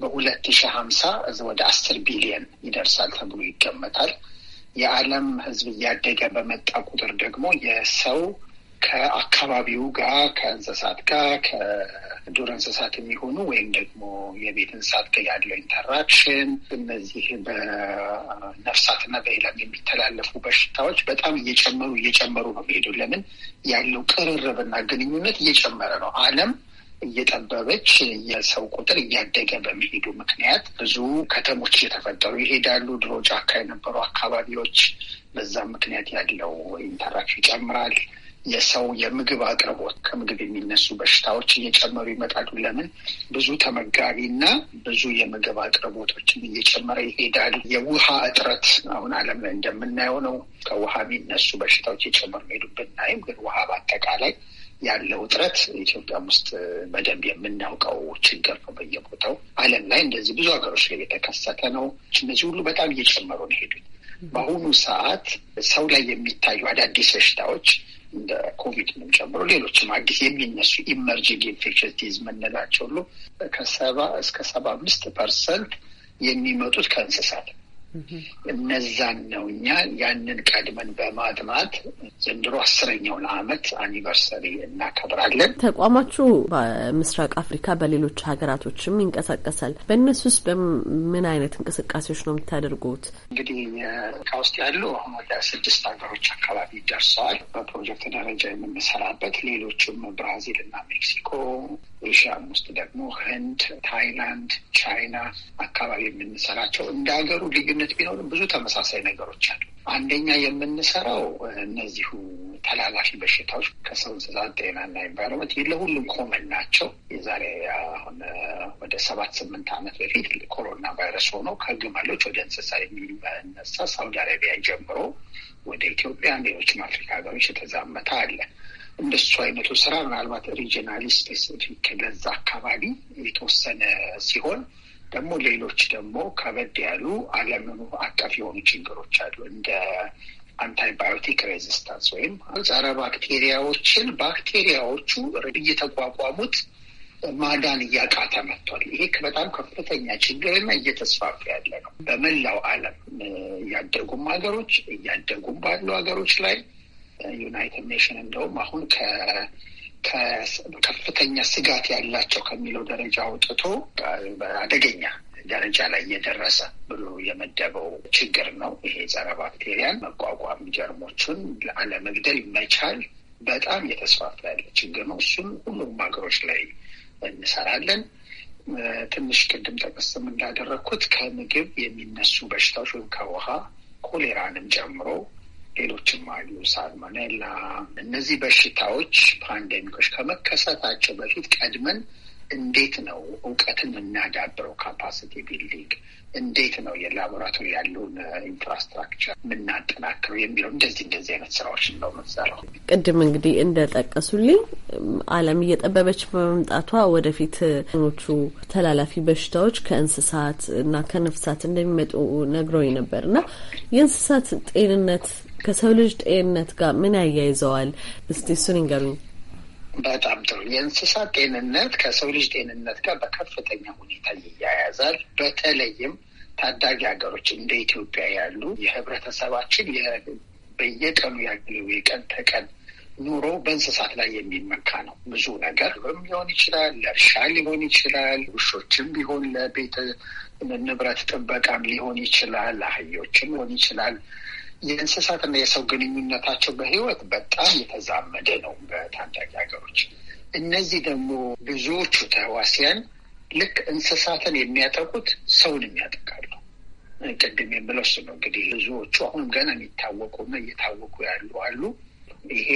በሁለት ሺህ ሀምሳ ወደ አስር ቢሊየን ይደርሳል ተብሎ ይገመታል። የዓለም ህዝብ እያደገ በመጣ ቁጥር ደግሞ የሰው ከአካባቢው ጋር ከእንስሳት ጋር ከዱር እንስሳት የሚሆኑ ወይም ደግሞ የቤት እንስሳት ጋር ያለው ኢንተራክሽን፣ እነዚህ በነፍሳትና በኢላም የሚተላለፉ በሽታዎች በጣም እየጨመሩ እየጨመሩ ነው የሚሄዱ። ለምን ያለው ቅርርብና ግንኙነት እየጨመረ ነው ዓለም እየጠበበች የሰው ቁጥር እያደገ በመሄዱ ምክንያት ብዙ ከተሞች እየተፈጠሩ ይሄዳሉ። ድሮ ጫካ የነበሩ አካባቢዎች በዛም ምክንያት ያለው ኢንተራክሽን ይጨምራል። የሰው የምግብ አቅርቦት ከምግብ የሚነሱ በሽታዎች እየጨመሩ ይመጣሉ። ለምን ብዙ ተመጋቢ እና ብዙ የምግብ አቅርቦቶችም እየጨመረ ይሄዳል። የውሃ እጥረት አሁን ዓለም ላይ እንደምናየው ነው። ከውሃ የሚነሱ በሽታዎች እየጨመሩ ሄዱ ብናይም ግን ውሃ በአጠቃላይ ያለው እጥረት ኢትዮጵያም ውስጥ በደንብ የምናውቀው ችግር ነው። በየቦታው ዓለም ላይ እንደዚህ ብዙ ሀገሮች ላይ የተከሰተ ነው። እነዚህ ሁሉ በጣም እየጨመሩ ነው ሄዱ። በአሁኑ ሰዓት ሰው ላይ የሚታዩ አዳዲስ በሽታዎች እንደ ኮቪድንም ጨምሮ ሌሎችም አዲስ የሚነሱ ኢመርጂንግ ኢንፌክሽንቲዝ የምንላቸው ሁሉ ከሰባ እስከ ሰባ አምስት ፐርሰንት የሚመጡት ከእንስሳት ነው። እነዛን ነው እኛ ያንን ቀድመን በማጥናት ዘንድሮ አስረኛውን አመት አኒቨርሰሪ እናከብራለን። ተቋማችሁ በምስራቅ አፍሪካ በሌሎች ሀገራቶችም ይንቀሳቀሳል። ውስጥ በምን አይነት እንቅስቃሴዎች ነው የምታደርጉት? እንግዲህ ካ ውስጥ ያሉ ወደ ስድስት ሀገሮች አካባቢ ደርሰዋል። በፕሮጀክት ደረጃ የምንሰራበት ሌሎችም ብራዚል እና ሜክሲኮ ኤሽያም ውስጥ ደግሞ ህንድ፣ ታይላንድ፣ ቻይና አካባቢ የምንሰራቸው እንደ ሀገሩ ልዩነት ቢኖርም ብዙ ተመሳሳይ ነገሮች አሉ። አንደኛ የምንሰራው እነዚሁ ተላላፊ በሽታዎች ከሰው እንስሳት ጤናና ኤንቫይሮመንት ለሁሉም ኮመን ናቸው። የዛሬ አሁን ወደ ሰባት ስምንት ዓመት በፊት ኮሮና ቫይረስ ሆኖ ከግመሎች ወደ እንስሳ የሚነሳ ሳውዲ አረቢያ ጀምሮ ወደ ኢትዮጵያ፣ ሌሎችም አፍሪካ ሀገሮች የተዛመተ አለ። እንደሱ አይነቱ ስራ ምናልባት ሪጂናሊ ስፔሲፊክ ለዛ አካባቢ የተወሰነ ሲሆን ደግሞ ሌሎች ደግሞ ከበድ ያሉ ዓለምኑ አቀፍ የሆኑ ችግሮች አሉ እንደ አንታይባዮቲክ ሬዚስታንስ ወይም ጸረ ባክቴሪያዎችን ባክቴሪያዎቹ እየተቋቋሙት ማዳን እያቃተ መጥቷል። ይሄ በጣም ከፍተኛ ችግርና እየተስፋፋ ያለ ነው በመላው ዓለም እያደጉም ሀገሮች እያደጉም ባሉ ሀገሮች ላይ ዩናይትድ ኔሽን እንደውም አሁን ከፍተኛ ስጋት ያላቸው ከሚለው ደረጃ አውጥቶ አደገኛ ደረጃ ላይ እየደረሰ ብሎ የመደበው ችግር ነው። ይሄ ጸረ ባክቴሪያን መቋቋም ጀርሞቹን አለመግደል መቻል በጣም የተስፋፋ ያለ ችግር ነው። እሱም ሁሉም ሀገሮች ላይ እንሰራለን። ትንሽ ቅድም ጠቀስም እንዳደረግኩት ከምግብ የሚነሱ በሽታዎች ወይም ከውሃ ኮሌራንም ጨምሮ ሌሎችም አሉ፣ ሳልሞኔላ። እነዚህ በሽታዎች ፓንዴሚኮች ከመከሰታቸው በፊት ቀድመን እንዴት ነው እውቀትን የምናዳብረው? ካፓሲቲ ቢልዲንግ እንዴት ነው የላቦራቶሪ ያለውን ኢንፍራስትራክቸር የምናጠናክረው የሚለው እንደዚህ እንደዚህ አይነት ስራዎች ነው መሰራው። ቅድም እንግዲህ እንደጠቀሱልኝ ዓለም እየጠበበች በመምጣቷ ወደፊት ኖቹ ተላላፊ በሽታዎች ከእንስሳት እና ከነፍሳት እንደሚመጡ ነግረው ነበር እና የእንስሳት ጤንነት ከሰው ልጅ ጤንነት ጋር ምን ያያይዘዋል? እስቲ እሱን ይንገሩኝ። በጣም ጥሩ። የእንስሳት ጤንነት ከሰው ልጅ ጤንነት ጋር በከፍተኛ ሁኔታ ይያያዛል። በተለይም ታዳጊ ሀገሮች እንደ ኢትዮጵያ ያሉ የህብረተሰባችን በየቀኑ ያለው የቀን ተቀን ኑሮ በእንስሳት ላይ የሚመካ ነው። ብዙ ነገር ሊሆን ይችላል፣ ለእርሻ ሊሆን ይችላል፣ ውሾችም ቢሆን ለቤት ንብረት ጥበቃም ሊሆን ይችላል፣ አህዮችም ሊሆን ይችላል። የእንስሳትና የሰው ግንኙነታቸው በህይወት በጣም የተዛመደ ነው በታዳጊ ሀገሮች። እነዚህ ደግሞ ብዙዎቹ ተህዋሲያን ልክ እንስሳትን የሚያጠቁት ሰውን የሚያጠቃሉ። ቅድም የምለው እሱ ነው። እንግዲህ ብዙዎቹ አሁን ገና የሚታወቁና እየታወቁ ያሉ አሉ። ይሄ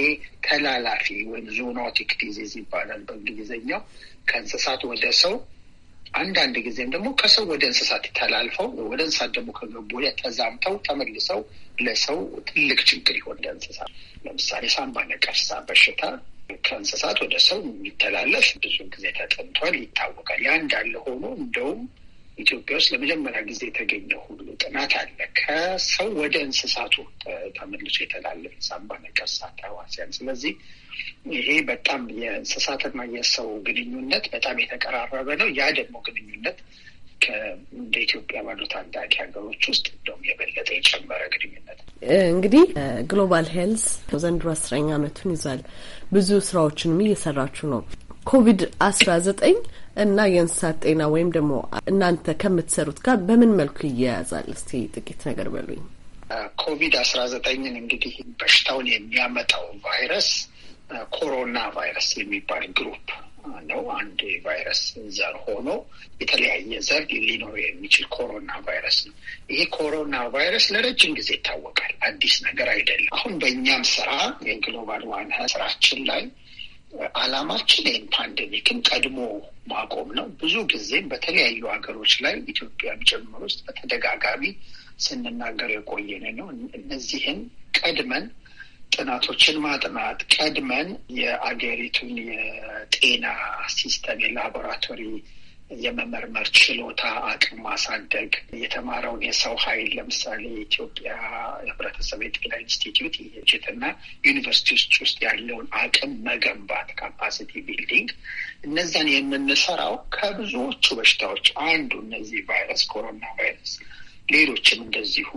ተላላፊ ወይም ዞኖቲክ ዲዚዝ ይባላል በእንግሊዝኛው ከእንስሳት ወደ ሰው አንዳንድ ጊዜም ደግሞ ከሰው ወደ እንስሳት ተላልፈው ወደ እንስሳት ደግሞ ከገቡ ተዛምተው ተመልሰው ለሰው ትልቅ ችግር ይሆን ለእንስሳት ለምሳሌ ሳምባ ነቀርሳ በሽታ ከእንስሳት ወደ ሰው የሚተላለፍ ብዙ ጊዜ ተጠንቷል፣ ይታወቃል። ያ እንዳለ ሆኖ እንደውም ኢትዮጵያ ውስጥ ለመጀመሪያ ጊዜ የተገኘ ሁሉ ጥናት አለ። ከሰው ወደ እንስሳቱ ተመልሶ የተላለፈ ሳምባ ነቀርሳ ተዋሲያን። ስለዚህ ይሄ በጣም የእንስሳትና የሰው ግንኙነት በጣም የተቀራረበ ነው። ያ ደግሞ ግንኙነት እንደ ኢትዮጵያ ባሉት ታዳጊ ሀገሮች ውስጥ እንደውም የበለጠ የጨመረ ግንኙነት እንግዲህ ግሎባል ሄልስ ዘንድሮ አስረኛ ዓመቱን ይዟል። ብዙ ስራዎችንም እየሰራችሁ ነው። ኮቪድ አስራ ዘጠኝ እና የእንስሳት ጤና ወይም ደግሞ እናንተ ከምትሰሩት ጋር በምን መልኩ ይያያዛል? እስቲ ጥቂት ነገር በሉኝ። ኮቪድ አስራ ዘጠኝን እንግዲህ በሽታውን የሚያመጣው ቫይረስ ኮሮና ቫይረስ የሚባል ግሩፕ ነው። አንድ ቫይረስ ዘር ሆኖ የተለያየ ዘር ሊኖረው የሚችል ኮሮና ቫይረስ ነው። ይሄ ኮሮና ቫይረስ ለረጅም ጊዜ ይታወቃል። አዲስ ነገር አይደለም። አሁን በእኛም ስራ የግሎባል ዋን ስራችን ላይ አላማችን ይህን ፓንደሚክን ቀድሞ ማቆም ነው። ብዙ ጊዜም በተለያዩ ሀገሮች ላይ ኢትዮጵያ ጭምር ውስጥ በተደጋጋሚ ስንናገር የቆየን ነው። እነዚህን ቀድመን ጥናቶችን ማጥናት ቀድመን የአገሪቱን የጤና ሲስተም የላቦራቶሪ የመመርመር ችሎታ አቅም ማሳደግ፣ የተማረውን የሰው ኃይል ለምሳሌ የኢትዮጵያ ህብረተሰብ የጤና ኢንስቲትዩት ይችት ይችትና ዩኒቨርሲቲዎች ውስጥ ያለውን አቅም መገንባት ካፓሲቲ ቢልዲንግ፣ እነዛን የምንሰራው ከብዙዎቹ በሽታዎች አንዱ እነዚህ ቫይረስ ኮሮና ቫይረስ ሌሎችም እንደዚሁ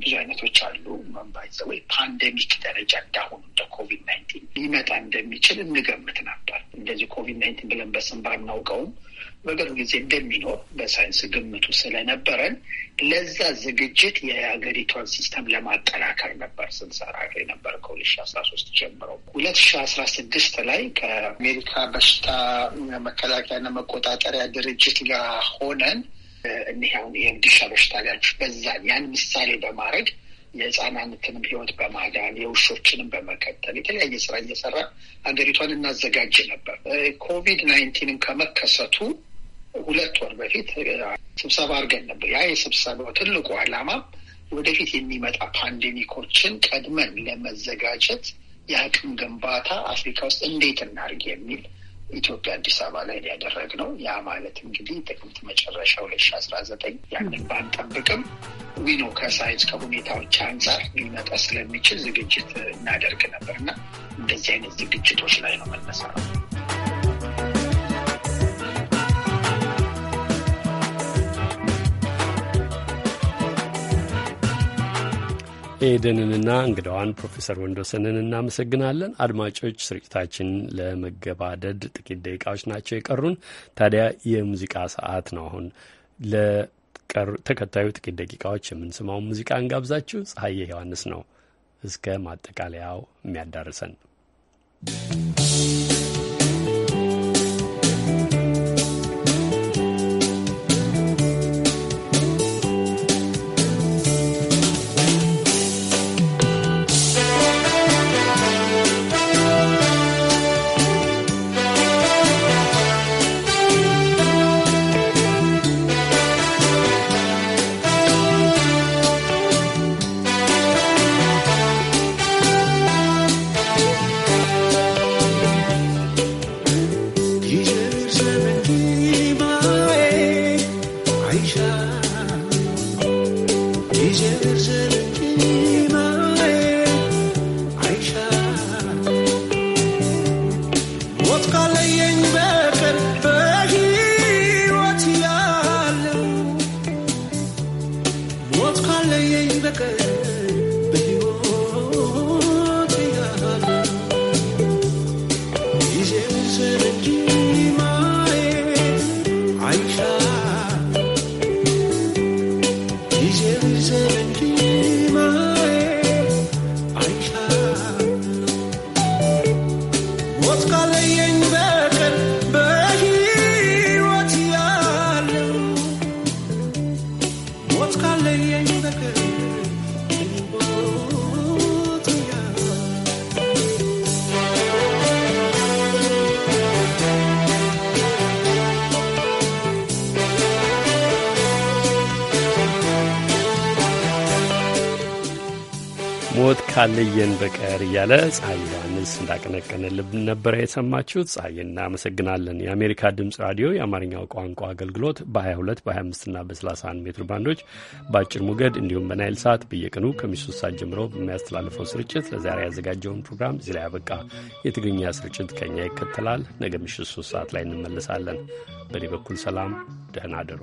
ብዙ አይነቶች አሉ። መንባይዘ ወይ ፓንደሚክ ደረጃ እንዳሁኑ እንደ ኮቪድ ናይንቲን ሊመጣ እንደሚችል እንገምት ነበር። እንደዚህ ኮቪድ ናይንቲን ብለን በስም ባናውቀውም በቅርብ ጊዜ እንደሚኖር በሳይንስ ግምቱ ስለነበረን ለዛ ዝግጅት የሀገሪቷን ሲስተም ለማጠናከር ነበር ስንሰራ ነበር ከሁለት ሺ አስራ ሶስት ጀምሮ ሁለት ሺ አስራ ስድስት ላይ ከአሜሪካ በሽታ መከላከያና መቆጣጠሪያ ድርጅት ጋር ሆነን እኒህ አሁን የምድሻ በሽታ ጋች በዛ ያን ምሳሌ በማድረግ የህፃናትንም ህይወት በማዳን የውሾችንም በመከተል የተለያየ ስራ እየሰራ ሀገሪቷን እናዘጋጅ ነበር። ኮቪድ ናይንቲንም ከመከሰቱ ሁለት ወር በፊት ስብሰባ አድርገን ነበር። ያ የስብሰባው ትልቁ ዓላማ ወደፊት የሚመጣ ፓንዴሚኮችን ቀድመን ለመዘጋጀት የአቅም ግንባታ አፍሪካ ውስጥ እንዴት እናድርግ የሚል ኢትዮጵያ አዲስ አበባ ላይ ያደረግ ነው። ያ ማለት እንግዲህ ጥቅምት መጨረሻ ሁለት ሺህ አስራ ዘጠኝ ያንን ባንጠብቅም ዊኖ ከሳይንስ ከሁኔታዎች አንጻር ሊመጣ ስለሚችል ዝግጅት እናደርግ ነበር እና እንደዚህ አይነት ዝግጅቶች ላይ ነው መነሳ ነው። ኤደንንና እንግዳዋን ፕሮፌሰር ወንዶሰንን እናመሰግናለን። አድማጮች ስርጭታችን ለመገባደድ ጥቂት ደቂቃዎች ናቸው የቀሩን። ታዲያ የሙዚቃ ሰዓት ነው። አሁን ተከታዩ ጥቂት ደቂቃዎች የምንስማው ሙዚቃ እንጋብዛችሁ። ፀሐዬ ዮሐንስ ነው እስከ ማጠቃለያው የሚያዳርሰን። ሳለየን በቀር እያለ ፀሐይ ዮሐንስ ልብ ነበረ የሰማችሁት። ፀሐይ እናመሰግናለን። የአሜሪካ ድምፅ ራዲዮ የአማርኛው ቋንቋ አገልግሎት በ22 በ25ና በ31 ሜትር ባንዶች በአጭር ሞገድ እንዲሁም በናይል ሰዓት በየቀኑ ከምሽቱ ሶስት ሰዓት ጀምሮ በሚያስተላልፈው ስርጭት ለዛሬ ያዘጋጀውን ፕሮግራም እዚህ ላይ ያበቃ። የትግርኛ ስርጭት ከኛ ይከተላል። ነገ ምሽት ሶስት ሰዓት ላይ እንመለሳለን። በእኔ በኩል ሰላም፣ ደህና አደሩ።